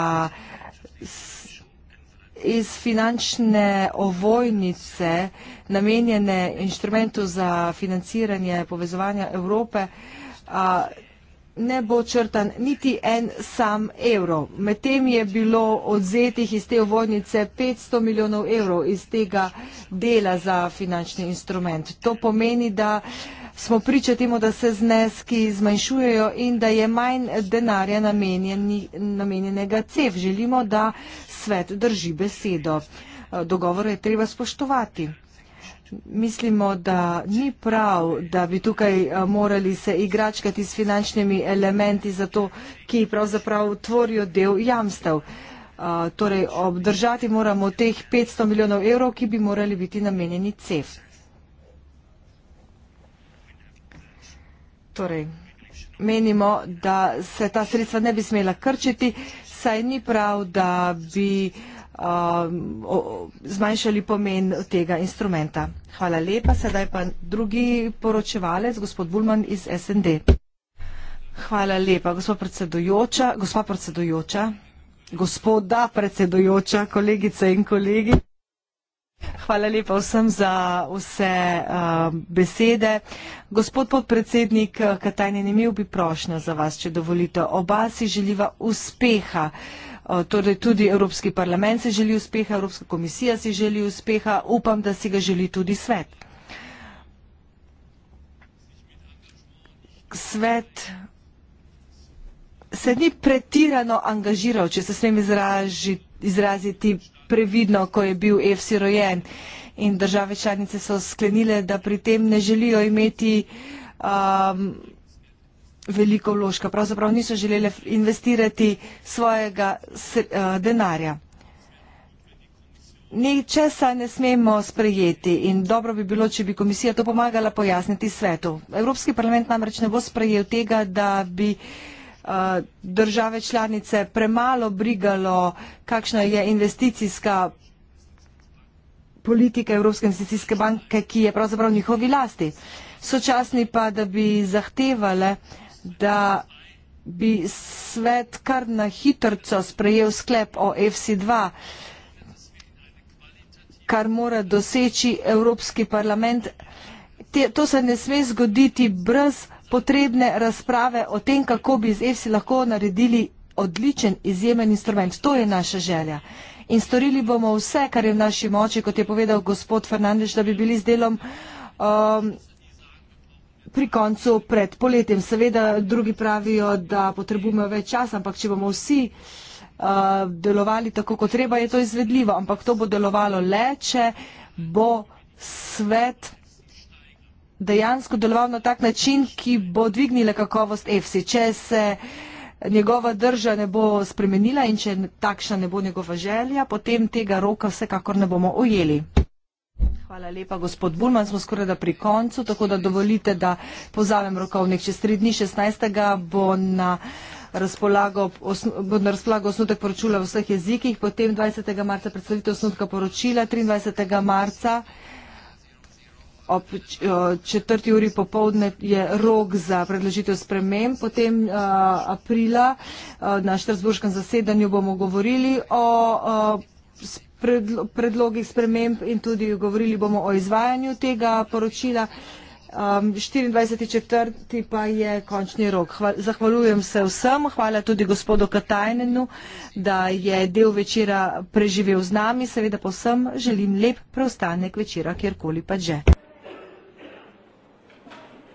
iz finančne ovojnice, namenjene inštrumentu za financiranje povezovanja Evrope, ne bo črtan niti en sam evro. Medtem je bilo odzetih iz te ovojnice 500 milijonov evrov iz tega dela za finančni instrument. To pomeni, da smo priča temu, da se zneski zmanjšujejo in da je manj denarja namenjeni, namenjenega cev. Želimo, da svet drži besedo. Dogovor je treba spoštovati. Mislimo, da ni prav, da bi tukaj eh, morali se igračkati s finančnimi elementi za to, ki pravzaprav tvorijo del jamstev. Eh, torej, obdržati moramo teh 500 milijonov evrov, ki bi morali biti namenjeni CEF. Torej, menimo, da se ta sredstva ne bi smela krčiti, saj ni prav, da bi um, zmanjšali pomen tega instrumenta. Hvala lepa. Sedaj pa drugi poročevalec, gospod Bulman iz SND. Hvala lepa, gospod predsedujoča, gospod predsedujoča, gospoda predsedujoča, kolegice in kolegi. Hvala lepa vsem za vse uh, besede. Gospod podpredsednik eh, Katajnen, imel bi prošnjo za vas, če dovolite. Oba si želiva uspeha. Eh, torej tudi Evropski parlament si želi uspeha, Evropska komisija si želi uspeha, upam, da si ga želi tudi svet. Svet se ni pretirano angažiral, če se smem izraziti, previdno, ko je bil EFSI rojen. In države članice so sklenile, da pri tem ne želijo imeti um, veliko vložka. Pravzaprav niso želele investirati svojega uh, denarja. Ničesa ne smemo sprejeti in dobro bi bilo, če bi komisija to pomagala pojasniti svetu. Evropski parlament namreč ne bo sprejel tega, da bi uh, Eh, države članice premalo brigalo, kakšna je investicijska politika Evropske investicijske banke, ki je pravzaprav njihovi lasti. Sočasni pa, da bi zahtevale, da bi svet kar na hitrco sprejel sklep o FC2, kar mora doseči Evropski parlament. To se ne sme zgoditi brez potrebne razprave o tem, kako bi iz EFSI lahko naredili odličen, izjemen instrument. To je naša želja. In storili bomo vse, kar je v naši moči, kot je povedal gospod Fernandež, da bi bili z delom um, pri koncu pred poletjem. Seveda drugi pravijo, da potrebujemo več časa, ampak če bomo vsi uh, delovali tako, kot treba, je to izvedljivo. Ampak to bo delovalo le, če bo svet dejansko deloval na tak način, ki bo dvignila kakovost EFSI, če se njegova drža ne bo spremenila in če takšna ne bo njegova želja, potem tega roka vsekakor ne bomo ujeli. Hvala lepa, gospod Bulman, smo skoraj da pri koncu, tako da dovolite, da pozavem rokovnik. Čez tri dni 16. bo na razpolago, osno, bo na razpolago osnutek poročila v vseh jezikih, potem 20. marca predstavitev osnutka poročila, 23. marca ob eh, četrti uri popovdne je rok za predložitev sprememb. Potem eh, aprila eh, na Štrasburškem zasedanju bomo govorili o predlogih sprememb in tudi govorili bomo o izvajanju tega poročila. 24. Ehm, četrti pa je končni rok. Zahvaljujem se vsem, hvala tudi gospodu Katajnenu, da je del večera preživel z nami. Seveda pa vsem želim lep preostanek večera, kjerkoli pa že.